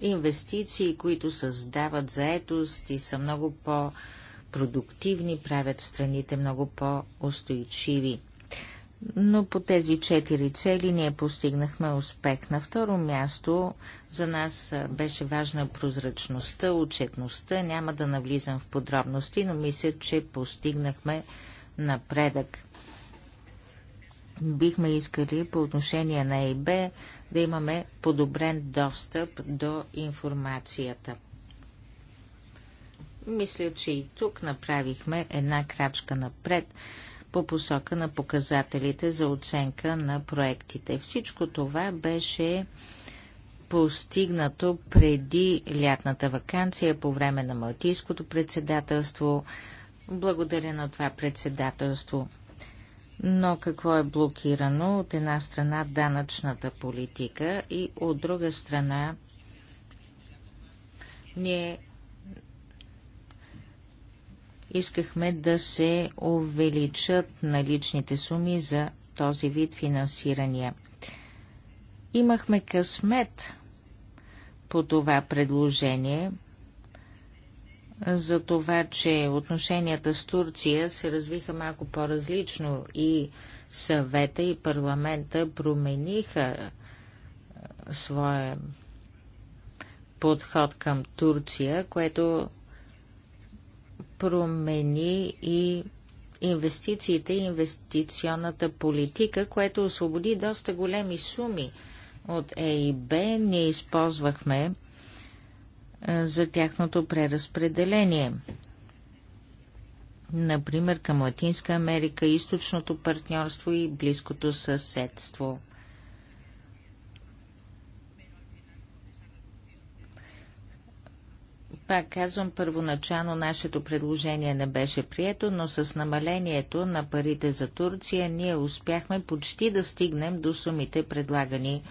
инвестиции, които създават заетост и са много по-продуктивни, правят страните много по-устойчиви. Но по тези четири цели ние постигнахме успех. На второ място за нас беше важна прозрачността, отчетността. Няма да навлизам в подробности, но мисля, че постигнахме напредък. Бихме искали по отношение на ЕБ да имаме подобрен достъп до информацията. Мисля, че и тук направихме една крачка напред по посока на показателите за оценка на проектите. Всичко това беше постигнато преди лятната вакансия по време на Малтийското председателство. Благодаря на това председателство. Но какво е блокирано? От една страна данъчната политика и от друга страна ние искахме да се увеличат наличните суми за този вид финансирания – Имахме късмет по това предложение за това, че отношенията с Турция се развиха малко по-различно и съвета и парламента промениха е, своя подход към Турция, което промени и инвестициите и инвестиционната политика, което освободи доста големи суми – от ЕИБ ние използвахме за тяхното преразпределение. Например, към Латинска Америка, източното партньорство и близкото съседство. Пак казвам, първоначално нашето предложение не беше прието, но с намалението на парите за Турция ние успяхме почти да стигнем до сумите предлагани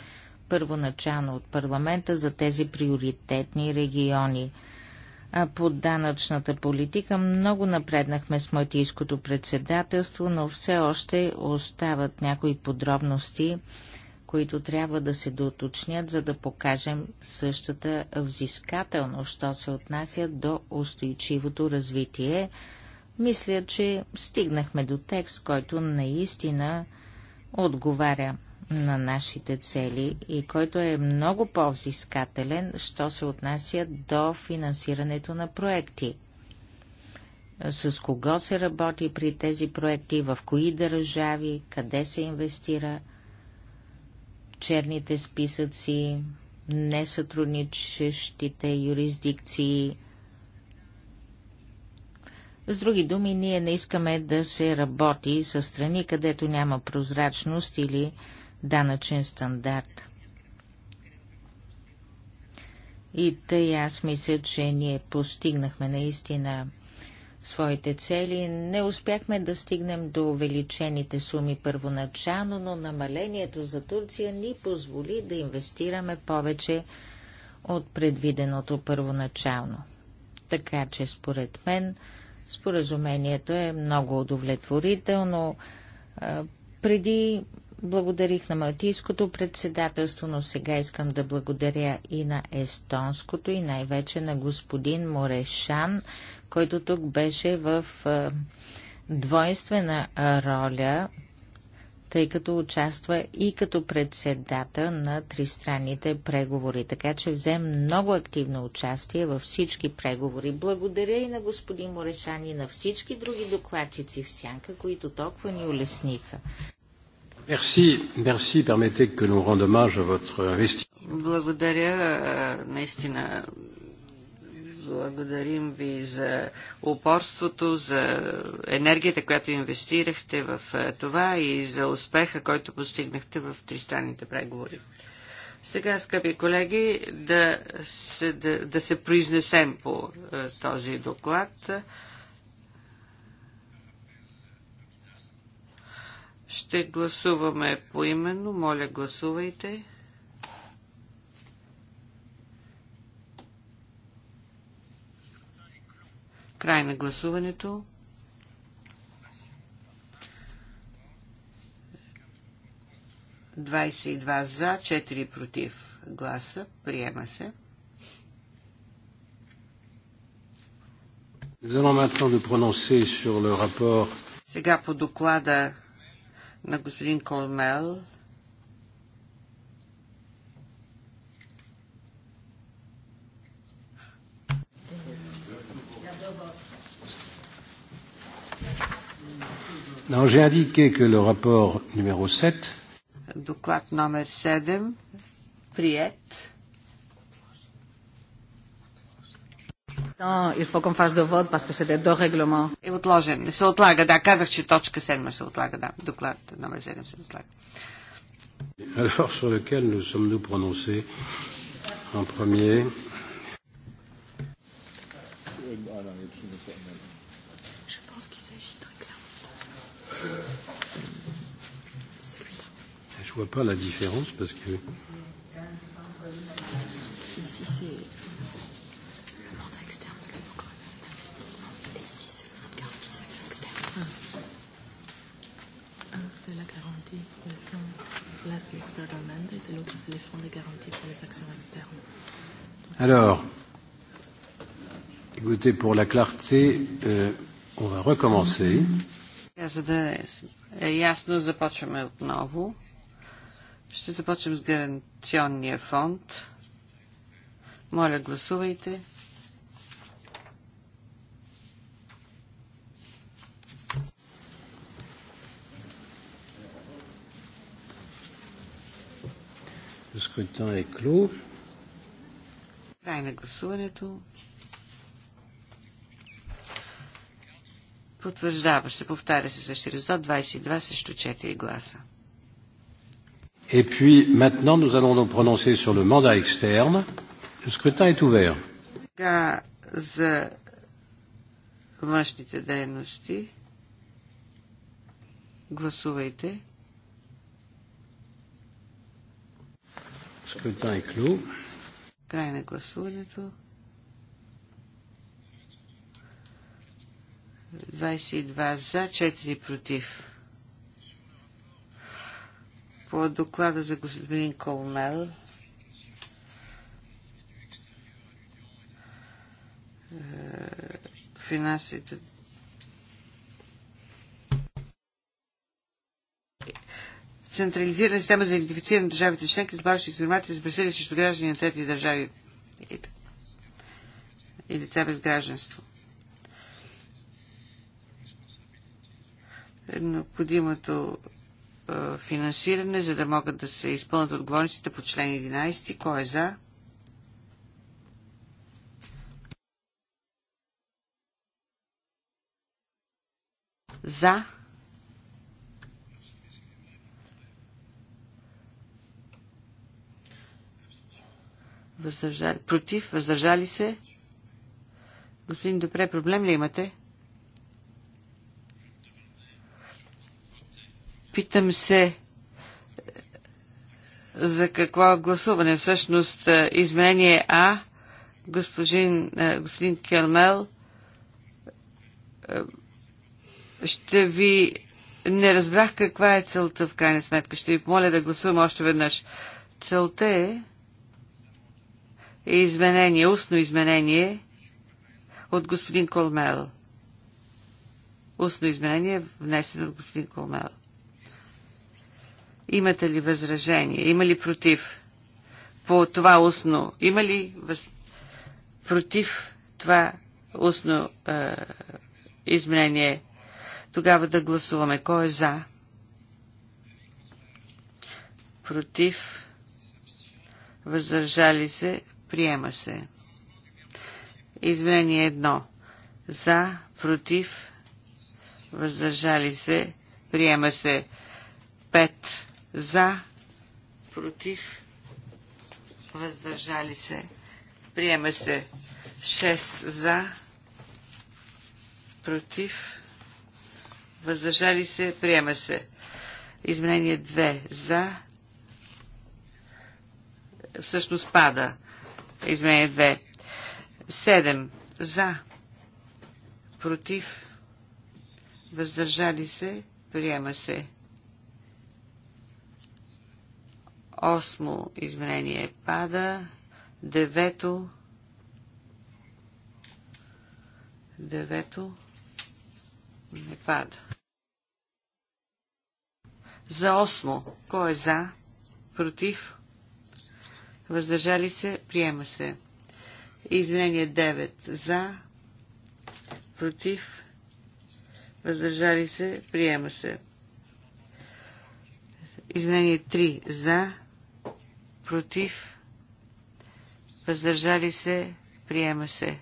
първоначално от парламента за тези приоритетни региони. А по данъчната политика много напреднахме с Матийското председателство, но все още остават някои подробности, които трябва да се доточнят, за да покажем същата взискателност, що се отнася до устойчивото развитие. Мисля, че стигнахме до текст, който наистина отговаря на нашите цели и който е много по-взискателен, що се отнася до финансирането на проекти. С кого се работи при тези проекти, в кои държави, къде се инвестира, черните списъци, несътрудничещите юрисдикции. С други думи, ние не искаме да се работи с страни, където няма прозрачност или данъчен стандарт. И тъй аз мисля, че ние постигнахме наистина своите цели. Не успяхме да стигнем до увеличените суми първоначално, но намалението за Турция ни позволи да инвестираме повече от предвиденото първоначално. Така че според мен споразумението е много удовлетворително. Преди Благодарих на Малтийското председателство, но сега искам да благодаря и на Естонското, и най-вече на господин Морешан, който тук беше в двойствена роля, тъй като участва и като председател на тристранните преговори. Така че взе много активно участие във всички преговори. Благодаря и на господин Морешан и на всички други докладчици в Сянка, които толкова ни улесниха. Merci, merci. Permettez que rende hommage à votre investissement. Благодаря, наистина. Благодарим ви за упорството, за енергията, която инвестирахте в това и за успеха, който постигнахте в тристанните преговори. Сега, скъпи колеги, да се, да, да се произнесем по този доклад. Ще гласуваме поименно. Моля, гласувайте. Край на гласуването. Двадесет за, 4 против гласа. Приема се. Сега по доклада на господин Колмел. Non, j'ai indiqué que le rapport numéro 7 Доклад номер 7 прият Е отложен. Се отлага, да. Казах, че точка 7 се отлага, да. Доклад номер 7 се отлага. Alors, sur lequel nous sommes-nous prononcés en premier Je pense qu'il s'agit très clairement. Celui-là. Je vois pas la différence parce que. Ici, c'est. c'est la garantie pour les fonds, là c'est l'external mandate et l'autre c'est le fonds de garantie pour les actions externes. Alors, écoutez, pour la clarté, euh, on va recommencer. За да е ясно, започваме отново. Ще започнем с гаранционния фонд. Моля, гласувайте. Le scrutin е clos. Край на гласуването. Потвърждава се, повтаря се за резултат, 22 срещу 4 гласа. Et puis maintenant, nous allons nous prononcer sur le mandat externe. Le scrutin est ouvert. Сега за външните дейности. Гласувайте. Скрутен е клю. Край на гласуването. 22 за, 4 против. По доклада за господин Колмел, е, финансовите централизирана система за идентифициране на държавите членки, добавящи информация за пресели срещу граждани на трети държави и лица без гражданство. Необходимото финансиране, за да могат да се изпълнят отговорностите по член 11. Кой е за? За. въздържали, против, въздържали се. Господин Допре, проблем ли имате? Питам се е, за какво гласуване. Всъщност е, изменение А, господин, е, господин Келмел, ще ви... Не разбрах каква е целта в крайна сметка. Ще ви помоля да гласуваме още веднъж. Целта е е изменение, устно изменение от господин Колмел. Устно изменение, внесено от господин Колмел. Имате ли възражение? Има ли против по това устно? Има ли въз... против това устно е, изменение? Тогава да гласуваме. Кой е за? Против? Въздържали се? Приема се. Изменение едно За, против, въздържали се. Приема се. Пет За, против, въздържали се. Приема се 6 за, против, въздържали се. Приема се. Изменение 2 за. Всъщност пада. Изменение 2. 7. За. Против. Въздържали се. Приема се. Осмо изменение пада. Девето. Девето не пада. За осмо. Кой е за? Против? въздържали се, приема се. Изменение 9 за, против, въздържали се, приема се. Изменение 3 за, против, въздържали се, приема се.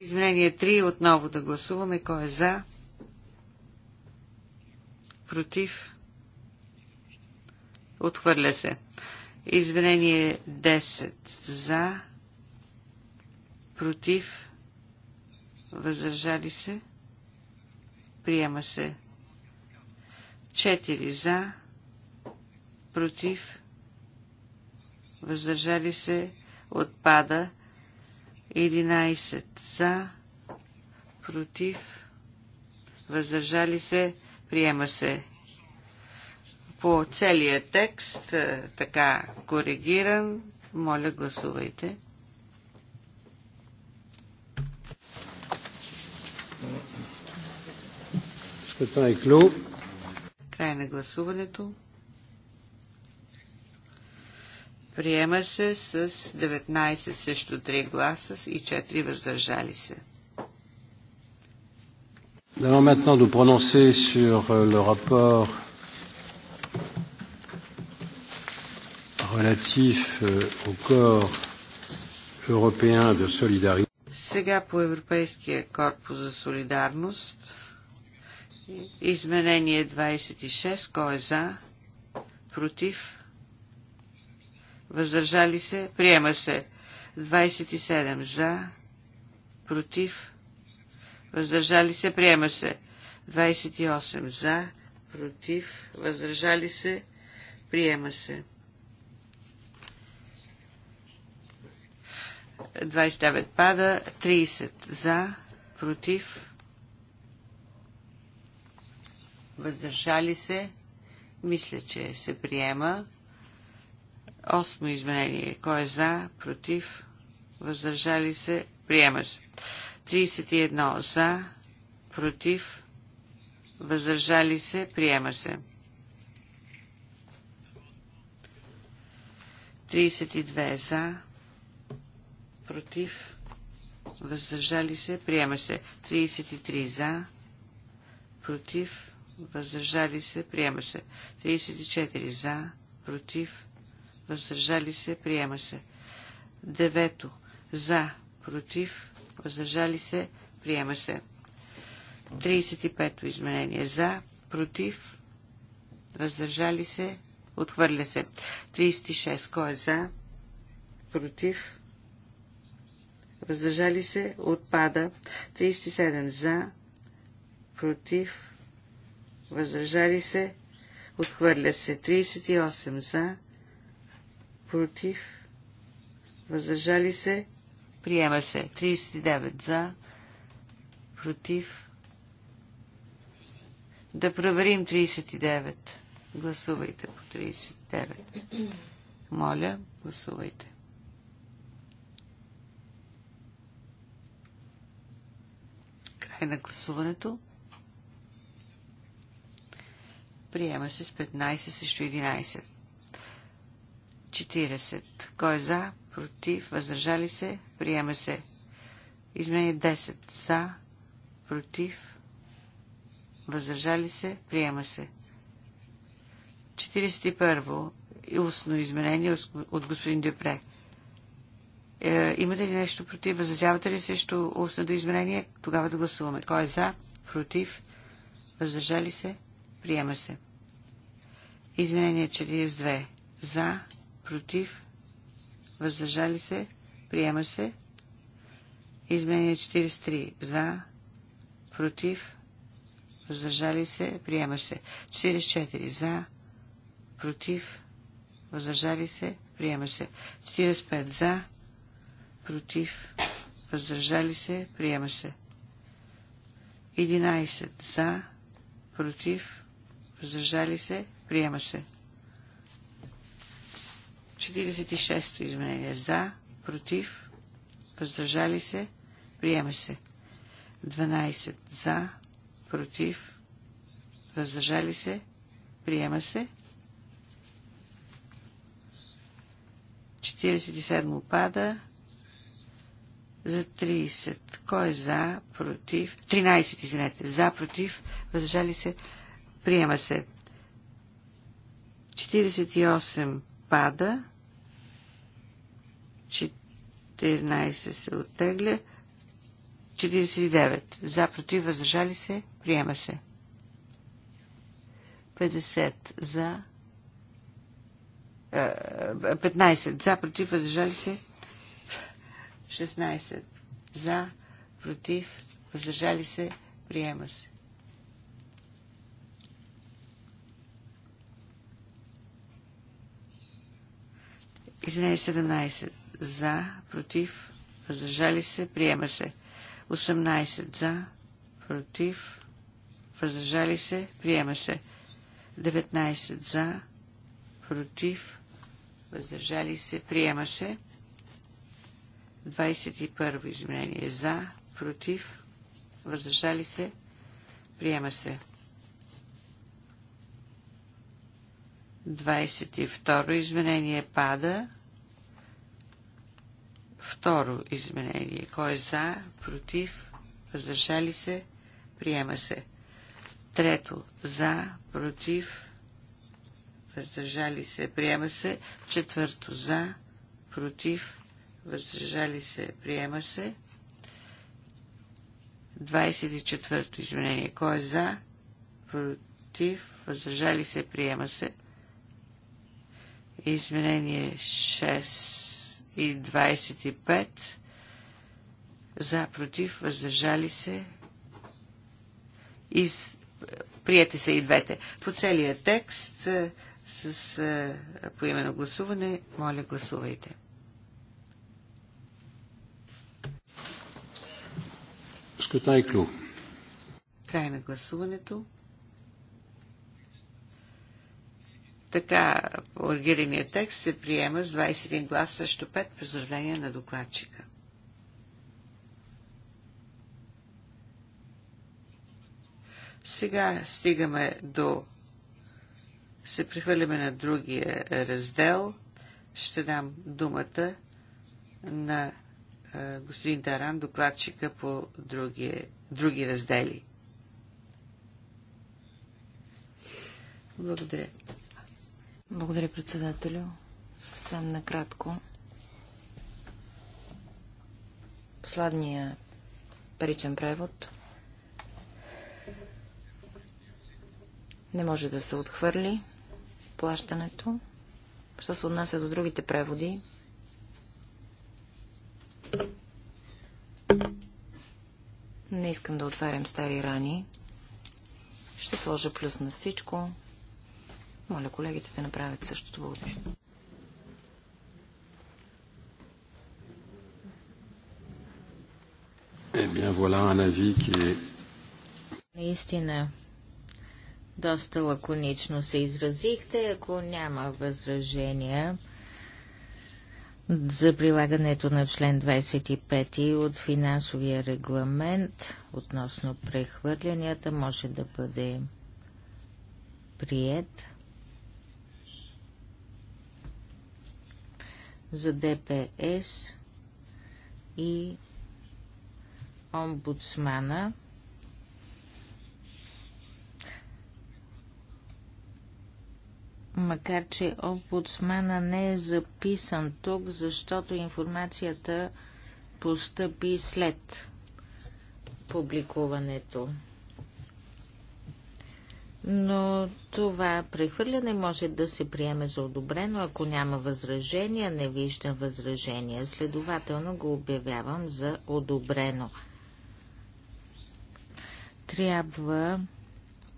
Изменение 3 отново да гласуваме. Кой е за? против, отхвърля се. Извинение 10 за, против, въздържали се, приема се. 4 за, против, въздържали се, отпада. 11 за, против, въздържали се, Приема се по целия текст, е, така коригиран. Моля, гласувайте. Е Край на гласуването. Приема се с 19 срещу 3 гласа и 4 въздържали се. Nous allons maintenant nous prononcer sur euh, le rapport relatif euh, au corps européen de solidarité. Сега по Европейския корпус за солидарност. Изменение 26. Кой е за? Против? Въздържали се? Приема се. 27 за. Против? въздържали се, приема се. 28 за, против, въздържали се, приема се. 29 пада, 30 за, против, въздържали се, мисля, че се приема. Осмо изменение. Кой е за, против, въздържали се, приема се. 31 за, против, въздържали се, приема се. 32 за, против, въздържали се, приема се. 33 за, против, въздържали се, приема се. 34 за, против, въздържали се, приема се. 9 за, против, въздържали се, приема се. 35-то изменение за, против, въздържали се, отхвърля се. 36, кой е за, против, въздържали се, отпада. 37 за, против, въздържали се, отхвърля се. 38 за, против, въздържали се, Приема се. 39 за. Против. Да проверим 39. Гласувайте по 39. Моля, гласувайте. Край на гласуването. Приема се с 15 срещу 11. 40. Кой е за? Против? Въздържали се? Приема се. Измени 10. За. Против. Въздържали се. Приема се. 41. Устно изменение от господин Депре. Е, имате ли нещо против? Възразявате ли също устното изменение? Тогава да гласуваме. Кой е за? Против? Въздържали се? Приема се. Изменение 42. За? Против? Въздържали се? Приема се. Изменение 43. За. Против. Въздържали се. Приема се. 44. За. Против. Въздържали се. Приема се. 45. За. Против. Въздържали се. Приема се. 11. За. Против. Въздържали се. Приема се. 46 изменение. За против, въздържали се, приема се. 12 за, против, въздържали се, приема се. 47 опада. за 30. Кой е за, против? 13, извинете. За, против, въздържали се, приема се. 48 пада. 14 се оттегля. 49. За, против, въздържали се. Приема се. 50. За. 15. Е, е, За, против, въздържали се. 16. За, против, въздържали се. Приема се. Извинете, 17 за, против, въздържали се, приема се. 18 за, против, въздържали се, приема се. 19 за, против, въздържали се, приема се. 21 изменение за, против, въздържали се, приема се. 22 изменение пада, Второ изменение. Кой е за, против, въздържали се, приема се. Трето. За, против, въздържали се, приема се. Четвърто. За, против, въздържали се, приема се. 24-то изменение. Кой е за? Против? Въздържали се? Приема се. Изменение 6 и 25 за, против, въздържали се и прияти са и двете. По целия текст е, с е, поимено гласуване, моля гласувайте. Скотай Край на гласуването. Така, оригиналният текст се приема с 21 глас срещу 5 поздравления на докладчика. Сега стигаме до... Се прехвърляме на другия раздел. Ще дам думата на господин Таран, докладчика по други, други раздели. Благодаря. Благодаря, председателю. Съвсем накратко. Последния паричен превод не може да се отхвърли плащането. Що се отнася до другите преводи, не искам да отварям стари рани. Ще сложа плюс на всичко. Моля колегите да направят същото. Благодаря. Eh Наистина, доста лаконично се изразихте. Ако няма възражения за прилагането на член 25 от финансовия регламент относно прехвърлянията, може да бъде прият. за ДПС и омбудсмана. Макар, че омбудсмана не е записан тук, защото информацията постъпи след публикуването но това прехвърляне може да се приеме за одобрено, ако няма възражения, не виждам възражения. Следователно го обявявам за одобрено. Трябва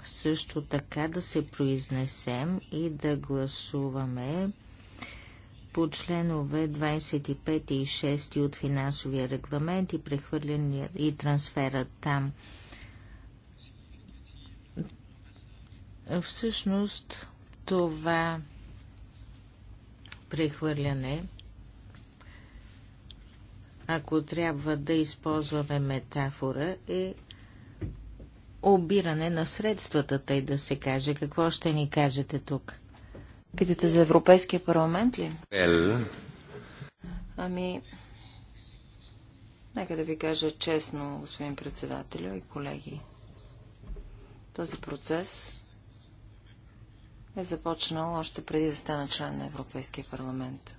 също така да се произнесем и да гласуваме по членове 25 и 6 от финансовия регламент и прехвърляния и трансфера там – Всъщност това прехвърляне, ако трябва да използваме метафора, е обиране на средствата, тъй да се каже. Какво ще ни кажете тук? Питате за Европейския парламент ли? Ел. Ами, нека да ви кажа честно, господин председателю и колеги. Този процес е започнал още преди да стана член на Европейския парламент.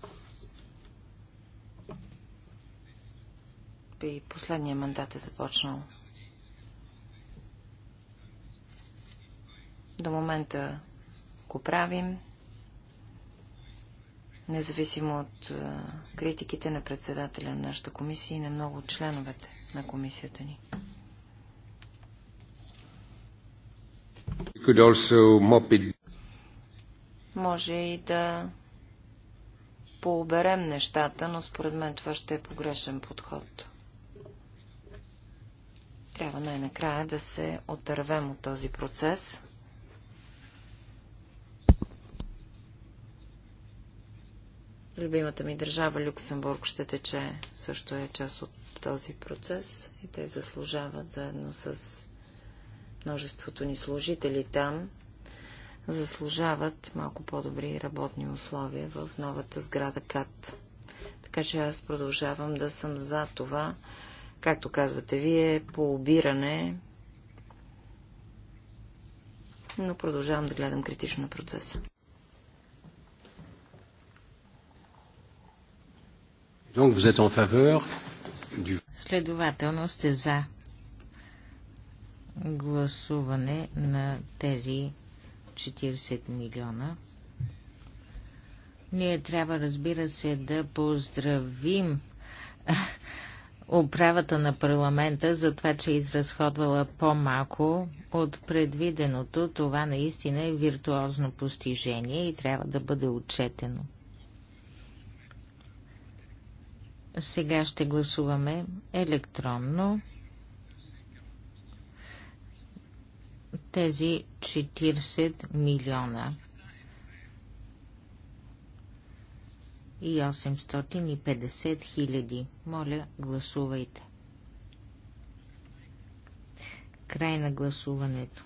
И последния мандат е започнал. До момента го правим, независимо от критиките на председателя на нашата комисия и на много от членовете на комисията ни. could also mop it може и да пооберем нещата, но според мен това ще е погрешен подход. Трябва най-накрая да се отървем от този процес. Любимата ми държава Люксембург ще тече също е част от този процес и те заслужават заедно с множеството ни служители там заслужават малко по-добри работни условия в новата сграда КАТ. Така че аз продължавам да съм за това, както казвате вие, по обиране, но продължавам да гледам критично на процеса. Следователно сте за гласуване на тези 40 милиона. Ние трябва, разбира се, да поздравим управата на парламента за това, че е изразходвала по-малко от предвиденото. Това наистина е виртуозно постижение и трябва да бъде отчетено. Сега ще гласуваме електронно тези 40 милиона и 850 хиляди. Моля, гласувайте. Край на гласуването.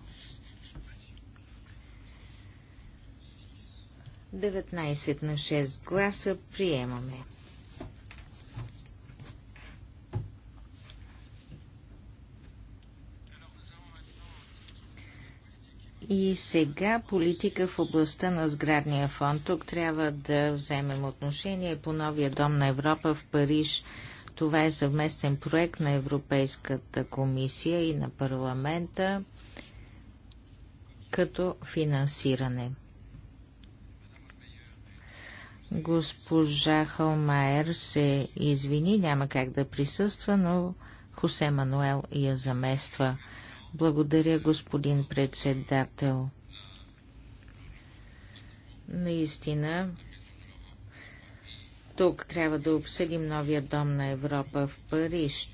19 на 6 гласа приемаме. И сега политика в областта на сградния фонд. Тук трябва да вземем отношение по новия дом на Европа в Париж. Това е съвместен проект на Европейската комисия и на парламента като финансиране. Госпожа Халмайер се извини, няма как да присъства, но Хосе Мануел я замества. Благодаря, господин председател. Наистина, тук трябва да обсъдим новия дом на Европа в Париж.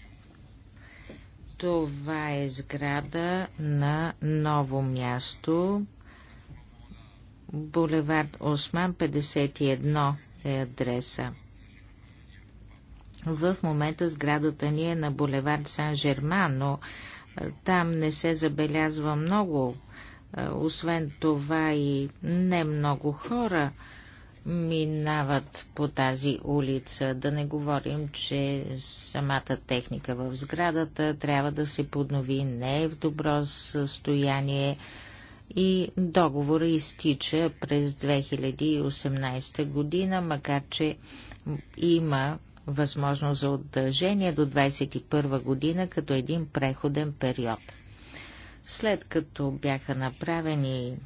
Това е сграда на ново място. Булевард Осман 51 е адреса. В момента сградата ни е на булевард Сан-Жерман, но там не се забелязва много, освен това и не много хора минават по тази улица. Да не говорим, че самата техника в сградата трябва да се поднови, не е в добро състояние и договора изтича през 2018 година, макар че има възможност за отдължение до 21 година като един преходен период. След като бяха направени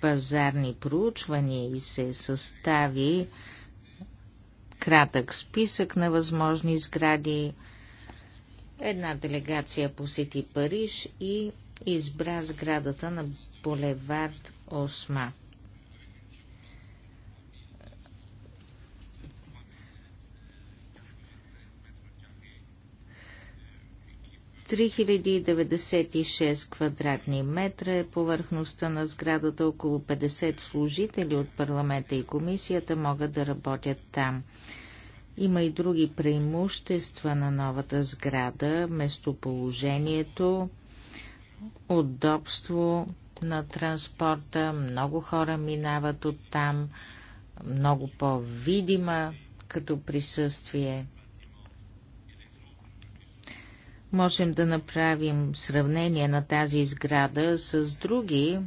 пазарни проучвания и се състави кратък списък на възможни сгради, една делегация посети Париж и избра сградата на булевард Осма. 3096 квадратни метра е повърхността на сградата. Около 50 служители от парламента и комисията могат да работят там. Има и други преимущества на новата сграда, местоположението, удобство на транспорта, много хора минават от там, много по-видима като присъствие – Можем да направим сравнение на тази сграда с други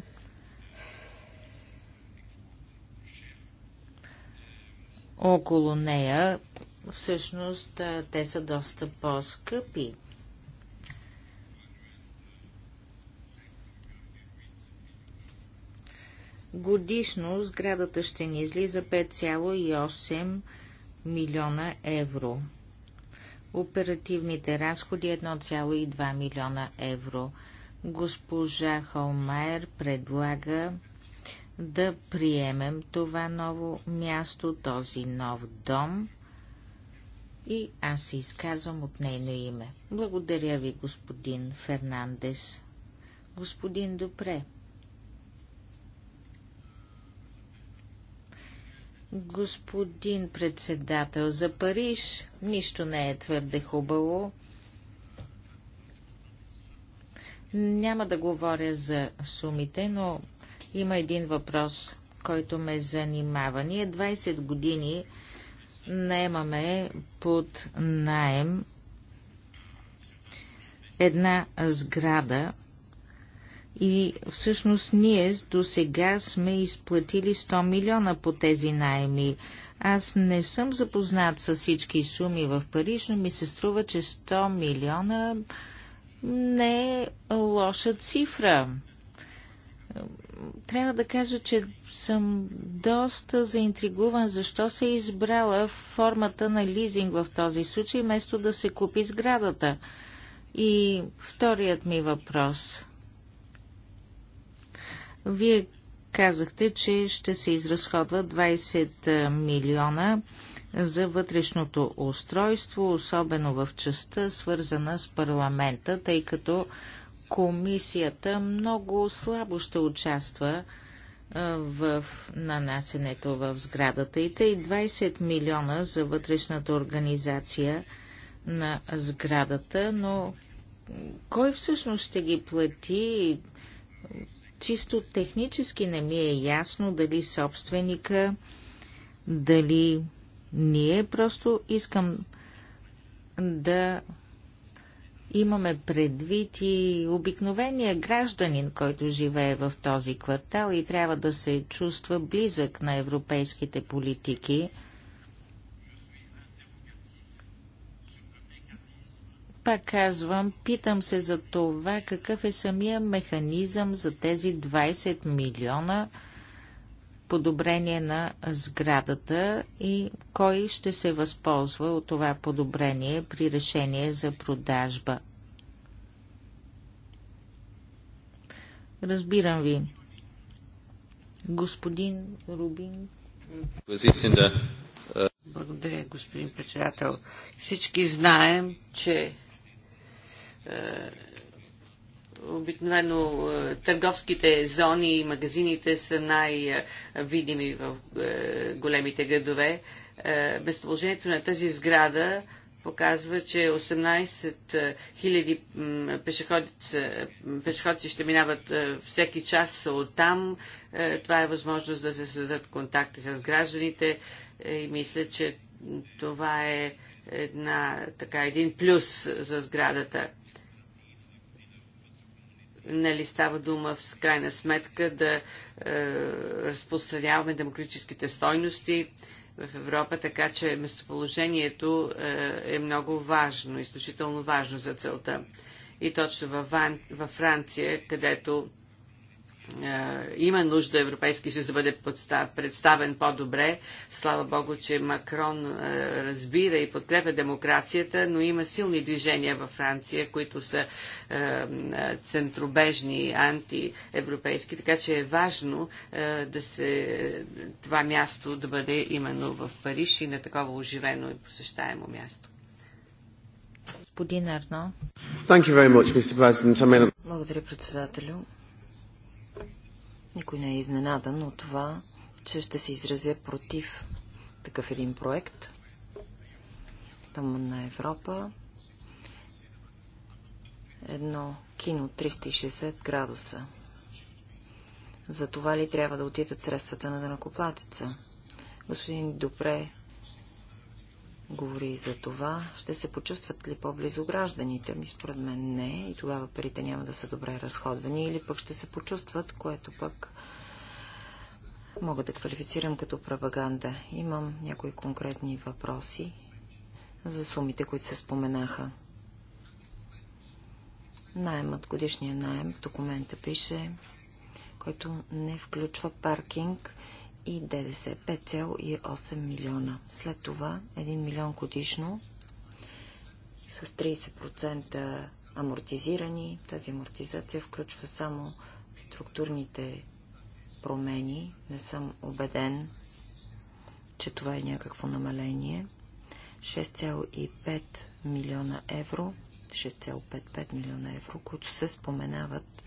около нея. Всъщност те са доста по-скъпи. Годишно сградата ще ни излиза 5,8 милиона евро. Оперативните разходи 1,2 милиона евро. Госпожа Холмайер предлага да приемем това ново място, този нов дом. И аз се изказвам от нейно име. Благодаря ви, господин Фернандес. Господин Допре. Господин председател, за Париж нищо не е твърде хубаво. Няма да говоря за сумите, но има един въпрос, който ме занимава. Ние 20 години наемаме под наем една сграда и всъщност ние до сега сме изплатили 100 милиона по тези найми. Аз не съм запознат с всички суми в Париж, но ми се струва, че 100 милиона не е лоша цифра. Трябва да кажа, че съм доста заинтригуван защо се е избрала формата на лизинг в този случай, вместо да се купи сградата. И вторият ми въпрос – вие казахте, че ще се изразходва 20 милиона за вътрешното устройство, особено в частта, свързана с парламента, тъй като комисията много слабо ще участва в нанасенето в сградата и тъй 20 милиона за вътрешната организация на сградата, но кой всъщност ще ги плати? Чисто технически не ми е ясно дали собственика, дали ние просто искам да имаме предвид и обикновения гражданин, който живее в този квартал и трябва да се чувства близък на европейските политики – Пак казвам, питам се за това какъв е самия механизъм за тези 20 милиона подобрение на сградата и кой ще се възползва от това подобрение при решение за продажба. Разбирам ви. Господин Рубин. Благодаря, господин председател. Всички знаем, че е, обикновено е, търговските зони и магазините са най-видими в е, големите градове. Безположението на тази сграда показва, че 18 000 пешеходци ще минават всеки час от там. Това е възможност да се създадат контакти с гражданите и мисля, че това е една, така, един плюс за сградата нали става дума в крайна сметка да е, разпространяваме демократическите стойности в Европа, така че местоположението е, е много важно, изключително важно за целта. И точно във, във Франция, където е, има нужда Европейски съюз да бъде представен по-добре. Слава Богу, че Макрон е, разбира и подкрепя демокрацията, но има силни движения във Франция, които са е, центробежни, антиевропейски, така че е важно да се това място да бъде именно в Париж и на такова оживено и посещаемо място. Господин Арно. Благодаря, председателю. Никой не е изненадан от това, че ще се изразя против такъв един проект. Там на Европа едно кино 360 градуса. За това ли трябва да отидат средствата на дънакоплатеца? Господин Добре говори за това, ще се почувстват ли по-близо гражданите? Ми според мен не и тогава парите няма да са добре разходвани или пък ще се почувстват, което пък мога да квалифицирам като пропаганда. Имам някои конкретни въпроси за сумите, които се споменаха. Наймът годишния найем в документа пише, който не включва паркинг и ДДС 5,8 милиона. След това 1 милион годишно с 30% амортизирани. Тази амортизация включва само структурните промени. Не съм убеден, че това е някакво намаление. 6,5 милиона евро, 6,55 милиона евро, които се споменават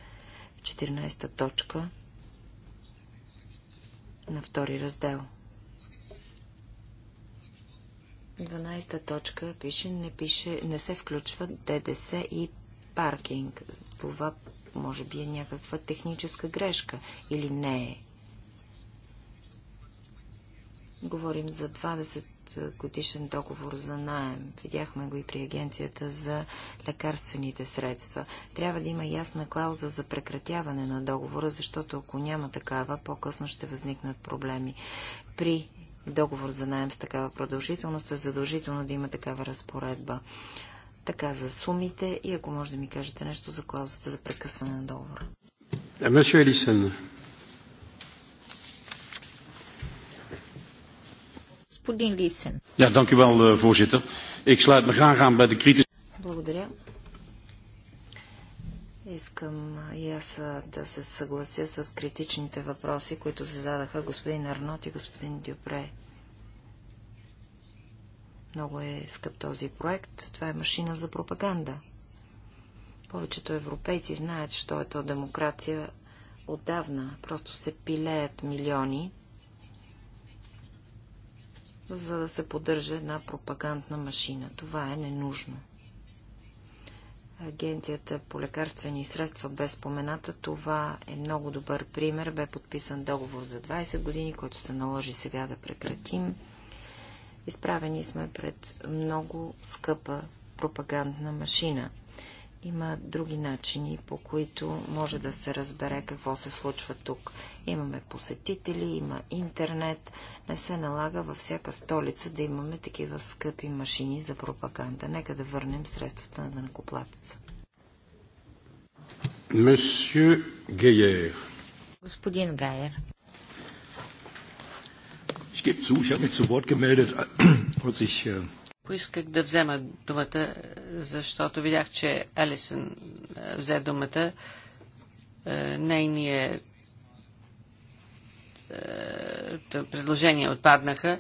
в 14 та точка на втори раздел. 12 точка пише, не, пише, не се включва ДДС и паркинг. Това може би е някаква техническа грешка или не е. Говорим за 20 годишен договор за найем. Видяхме го и при агенцията за лекарствените средства. Трябва да има ясна клауза за прекратяване на договора, защото ако няма такава, по-късно ще възникнат проблеми. При договор за найем с такава продължителност е задължително да има такава разпоредба. Така за сумите и ако може да ми кажете нещо за клаузата за прекъсване на договора. Е, Елисън. Господин Лисен. Ja, dank u wel, eh, voorzitter. Ik sluit me graag aan bij de kritische... Благодаря. Искам и аз да се съглася с критичните въпроси, които зададаха господин Арнот и господин Дюпре. Много е скъп този проект. Това е машина за пропаганда. Повечето европейци знаят, що е то демокрация отдавна. Просто се пилеят милиони за да се поддържа една пропагандна машина. Това е ненужно. Агенцията по лекарствени средства без спомената, това е много добър пример. Бе подписан договор за 20 години, който се наложи сега да прекратим. Изправени сме пред много скъпа пропагандна машина. Има други начини, по които може да се разбере какво се случва тук. Имаме посетители, има интернет. Не се налага във всяка столица да имаме такива скъпи машини за пропаганда. Нека да върнем средствата на накоплатеца. Господин Гайер. Ich gebe zu, ich habe mich zu Wort gemeldet, als ich äh, Поисках да взема думата, защото видях, че Алисън е, взе думата. Е, нейният е, предложения отпаднаха.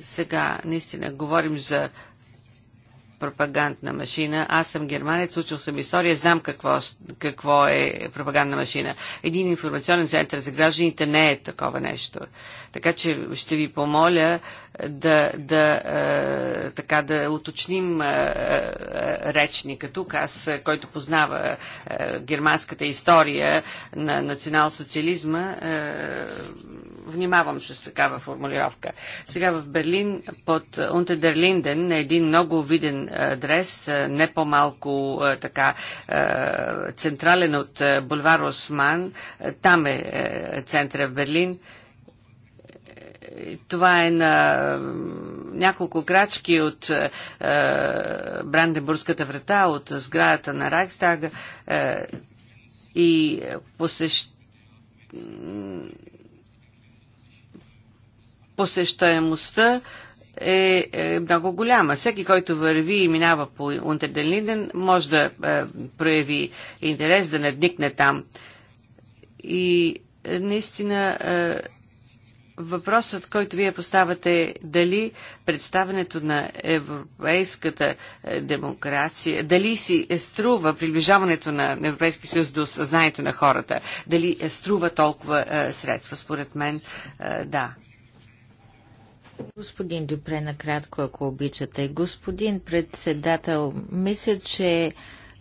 Сега наистина говорим за пропагандна машина. Аз съм германец, учил съм история, знам какво, какво е пропагандна машина. Един информационен център за гражданите не е такова нещо. Така че ще ви помоля да, да, е, така, да уточним е, е, речника тук. Аз, е, който познава е, германската история на национал-социализма, е, внимавам с такава формулировка. Сега в Берлин под Унтедерлинден на един много виден адрес, не по-малко така централен от бульвар Осман. Там е, е центъра в Берлин това е на няколко крачки от Бранденбургската врата, от сградата на Райхстага и посещ посещаемостта е, е много голяма. Всеки, който върви и минава по Унтерделинден, може да е, прояви интерес, да надникне там. И е, наистина е, въпросът, който вие поставате, е дали представенето на европейската е, демокрация, дали си е струва приближаването на Европейския съюз до съзнанието на хората, дали е струва толкова е, средства. Според мен, е, да, Господин Дюпре, накратко, ако обичате. Господин председател, мисля, че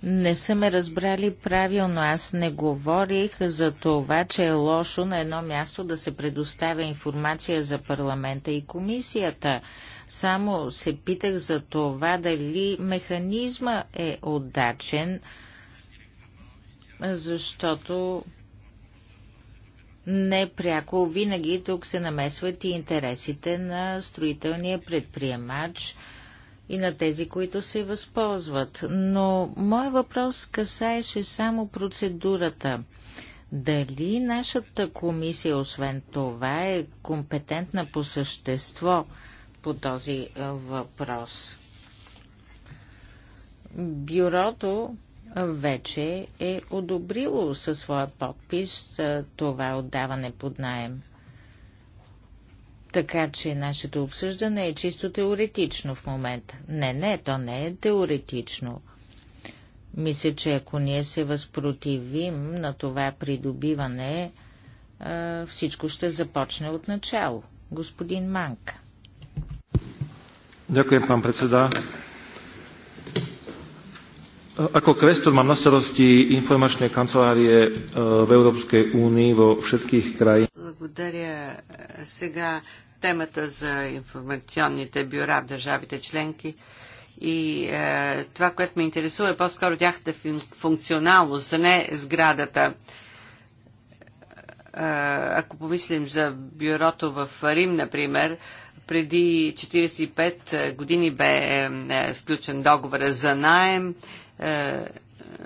не са ме разбрали правилно. Аз не говорих за това, че е лошо на едно място да се предоставя информация за парламента и комисията. Само се питах за това дали механизма е отдачен, защото непряко винаги тук се намесват и интересите на строителния предприемач и на тези, които се възползват. Но моят въпрос касаеше само процедурата. Дали нашата комисия, освен това, е компетентна по същество по този въпрос? Бюрото вече е одобрило със своя подпис това отдаване под найем. Така че нашето обсъждане е чисто теоретично в момента. Не, не, то не е теоретично. Мисля, че ако ние се възпротивим на това придобиване, всичко ще започне от начало. Господин Манка. Дякую, пан председател. Ako kvestor mám na starosti informačné kancelárie e, v Európskej únii vo všetkých krajinách. Благодаря. Сега темата за информационните бюра в държавите членки и е, това, което ме интересува е по-скоро тяхната функционалност, а не сградата. Е, ако помислим за бюрото в Рим, например, преди 45 години бе е, сключен договор за найем е,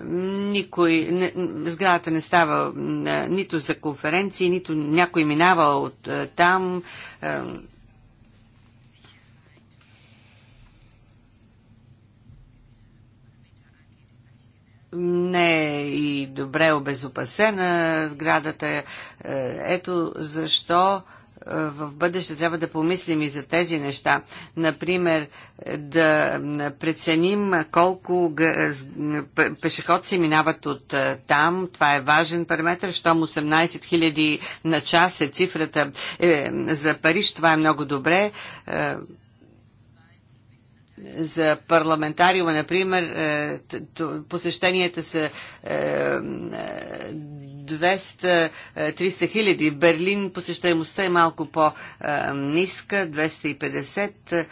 никой, не, сградата не става не, нито за конференции, нито някой минава от е, там. Е, не е и добре обезопасена сградата. Е, ето защо е, в бъдеще трябва да помислим и за тези неща. Например, да преценим колко пешеходци минават от там. Това е важен параметр. Щом 18 000 на час е цифрата е, за Париж. Това е много добре за парламентариума, например, е, посещенията са 200-300 е, е, хиляди. В Берлин посещаемостта е малко по-ниска, 250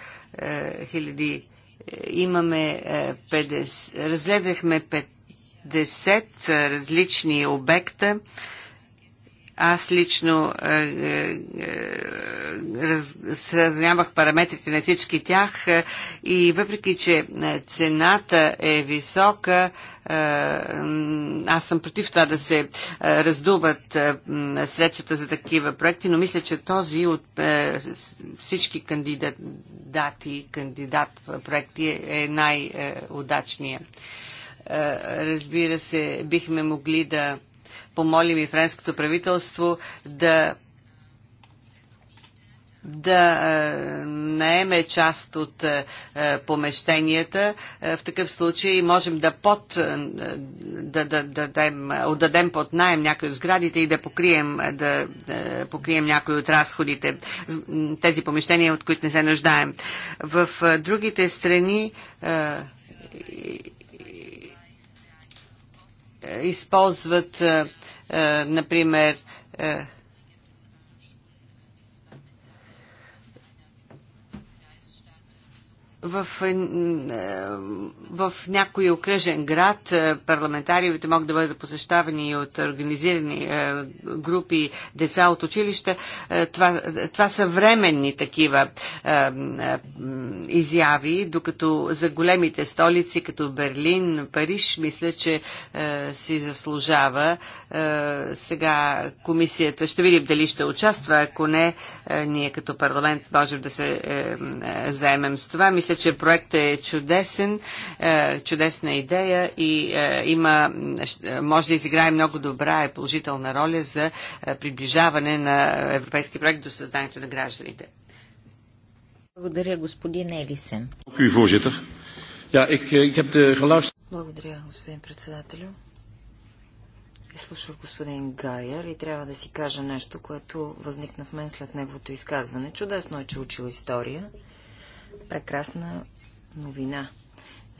хиляди. Имаме 50, разгледахме 50 различни обекта аз лично е, е, е сравнявах параметрите на всички тях е, и въпреки, че е, цената е висока, аз съм против това да се раздуват средствата за такива проекти, но мисля, че този от всички кандидати, кандидат проекти е най-удачният. Разбира се, бихме могли да помолим и френското правителство да да е, наеме част от е, е, помещенията. В такъв случай можем да, под, да, да, да дадем, отдадем под найем някои от сградите и да покрием, да, да покрием някои от разходите, тези помещения, от които не се нуждаем. В другите страни е, използват, е, е, например, в, е, е, в някой окръжен град е, парламентариите могат да бъдат посещавани от организирани групи деца от училища. Това, това са временни такива изяви, докато за големите столици, като Берлин, Париж, мисля, че си заслужава. Сега комисията, ще видим дали ще участва, ако не, ние като парламент можем да се заемем с това. Мисля, мисля, че проектът е чудесен, е, чудесна идея и е, има, е, може да изиграе много добра и положителна роля за приближаване на европейски проект до създанието на гражданите. Благодаря, господин Елисен. Eh, Благодаря, господин председател. Изслушах господин Гайер и трябва да си кажа нещо, което възникна в мен след неговото изказване. Чудесно е, че учил история прекрасна новина.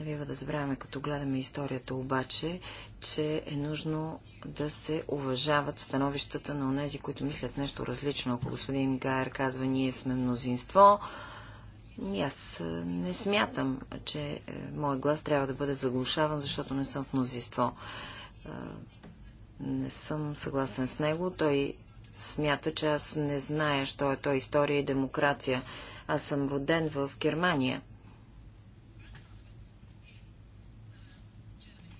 Не бива да забравяме, като гледаме историята обаче, че е нужно да се уважават становищата на онези, които мислят нещо различно. Ако господин Гайер казва, ние сме мнозинство, аз не смятам, че е, моят глас трябва да бъде заглушаван, защото не съм в мнозинство. Не съм съгласен с него. Той смята, че аз не зная, що е той история и демокрация. Аз съм роден в Германия.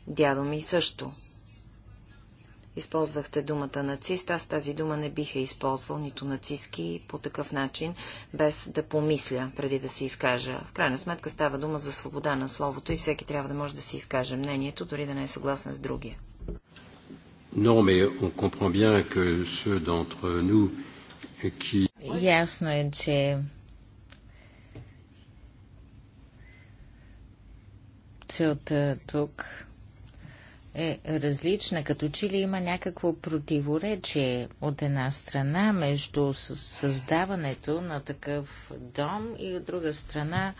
Дядо ми също. Използвахте думата нацист, аз тази дума не бих е използвал, нито нацистски, по такъв начин, без да помисля, преди да се изкажа. В крайна сметка става дума за свобода на словото и всеки трябва да може да си изкаже мнението, дори да не е съгласен с другия. Non, mais on comprend bien que ceux d'entre nous qui... Ясно е, че целта тук е различна. Като че ли има някакво противоречие от една страна между създаването на такъв дом и от друга страна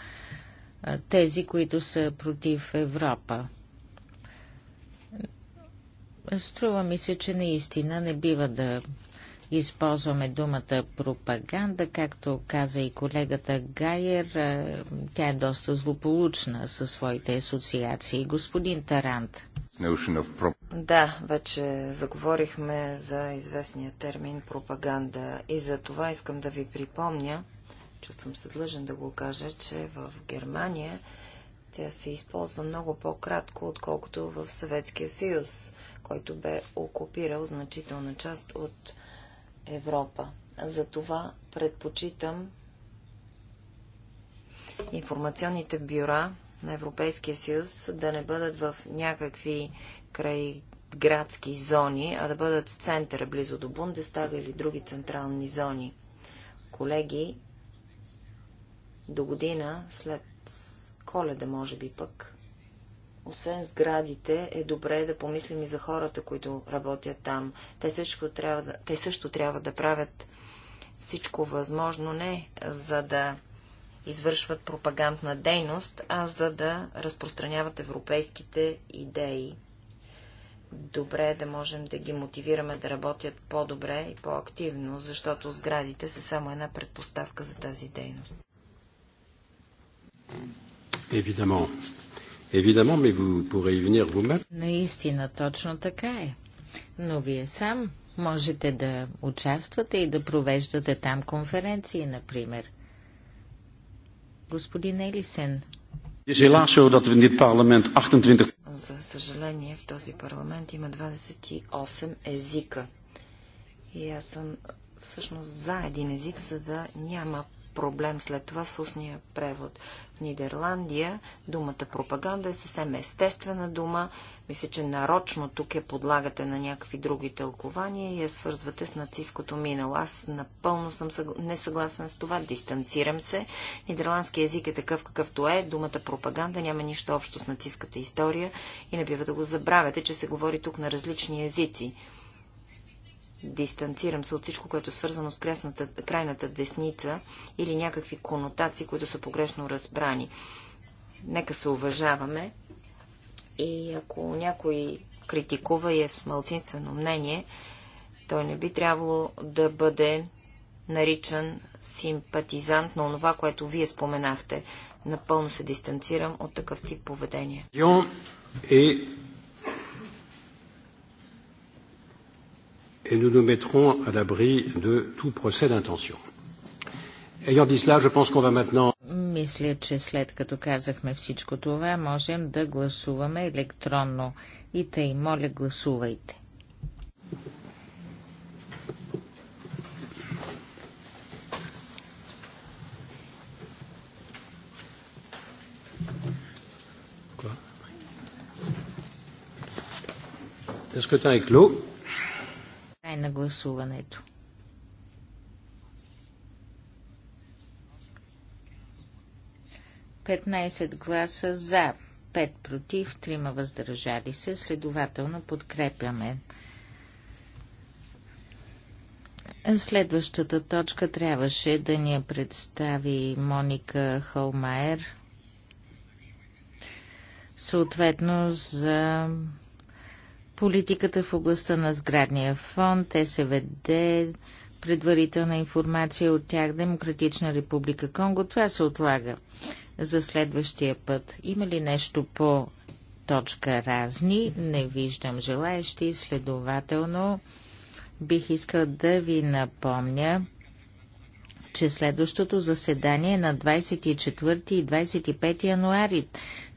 тези, които са против Европа. Струва ми се, че наистина не бива да използваме думата пропаганда, както каза и колегата Гайер, тя е доста злополучна със своите асоциации. Господин Тарант. Да, вече заговорихме за известния термин пропаганда и за това искам да ви припомня, чувствам се длъжен да го кажа, че в Германия тя се използва много по-кратко, отколкото в Съветския съюз, който бе окупирал значителна част от Европа. Затова предпочитам информационните бюра на Европейския съюз да не бъдат в някакви край градски зони, а да бъдат в центъра, близо до Бундестага или други централни зони. Колеги, до година, след коледа, може би пък, освен сградите, е добре да помислим и за хората, които работят там. Те също трябва да, те също трябва да правят всичко възможно, не за да извършват пропагандна дейност, а за да разпространяват европейските идеи. Добре е да можем да ги мотивираме да работят по-добре и по-активно, защото сградите са само една предпоставка за тази дейност évidemment, mais vous pourrez y venir vous-même. Наистина, точно така е. Но вие сам можете да участвате и да провеждате там конференции, например. Господин Елисен. За съжаление, в този парламент има 28 езика. И аз съм всъщност за един език, за да няма проблем след това с устния превод. Нидерландия думата пропаганда е съвсем естествена дума. Мисля, че нарочно тук я подлагате на някакви други тълкования и я свързвате с нацистското минало. Аз напълно съм не несъгласен с това. Дистанцирам се. Нидерландски език е такъв какъвто е. Думата пропаганда няма нищо общо с нацистската история и не бива да го забравяте, че се говори тук на различни езици дистанцирам се от всичко, което е свързано с кресната, крайната десница или някакви конотации, които са погрешно разбрани. Нека се уважаваме и ако някой критикува и е в малцинствено мнение, той не би трябвало да бъде наричан симпатизант на това, което вие споменахте. Напълно се дистанцирам от такъв тип поведение. Е et nous nous mettrons à l'abri de tout procès d'intention. Ayant dit cela, je pense qu'on va maintenant... Мисля, че след като казахме всичко това, можем да гласуваме електронно. И тъй, моля, гласувайте. Le scrutin est clos. Край на гласуването. Петнайсет гласа за, 5 против, 3 въздържали се, следователно подкрепяме. Следващата точка трябваше да ни я представи Моника Холмайер, съответно за политиката в областта на сградния фонд, СВД, предварителна информация от тях, Демократична република Конго. Това се отлага за следващия път. Има ли нещо по точка разни? Не виждам желаещи. Следователно, бих искал да ви напомня, че следващото заседание е на 24 и 25 януари.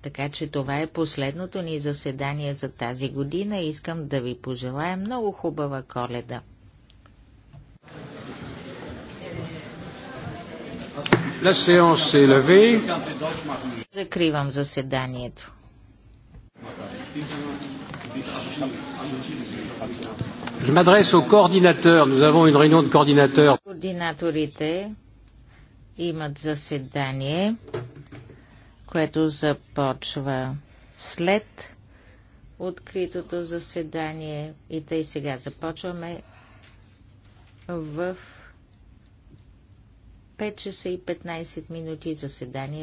Така че това е последното ни заседание за тази година. Искам да ви пожелая много хубава коледа. Закривам заседанието. Je m'adresse aux coordinateurs. Nous avons une réunion de coordinateurs. Координаторите имат заседание което започва след откритото заседание и тъй сега започваме в 5 часа и 15 минути заседание.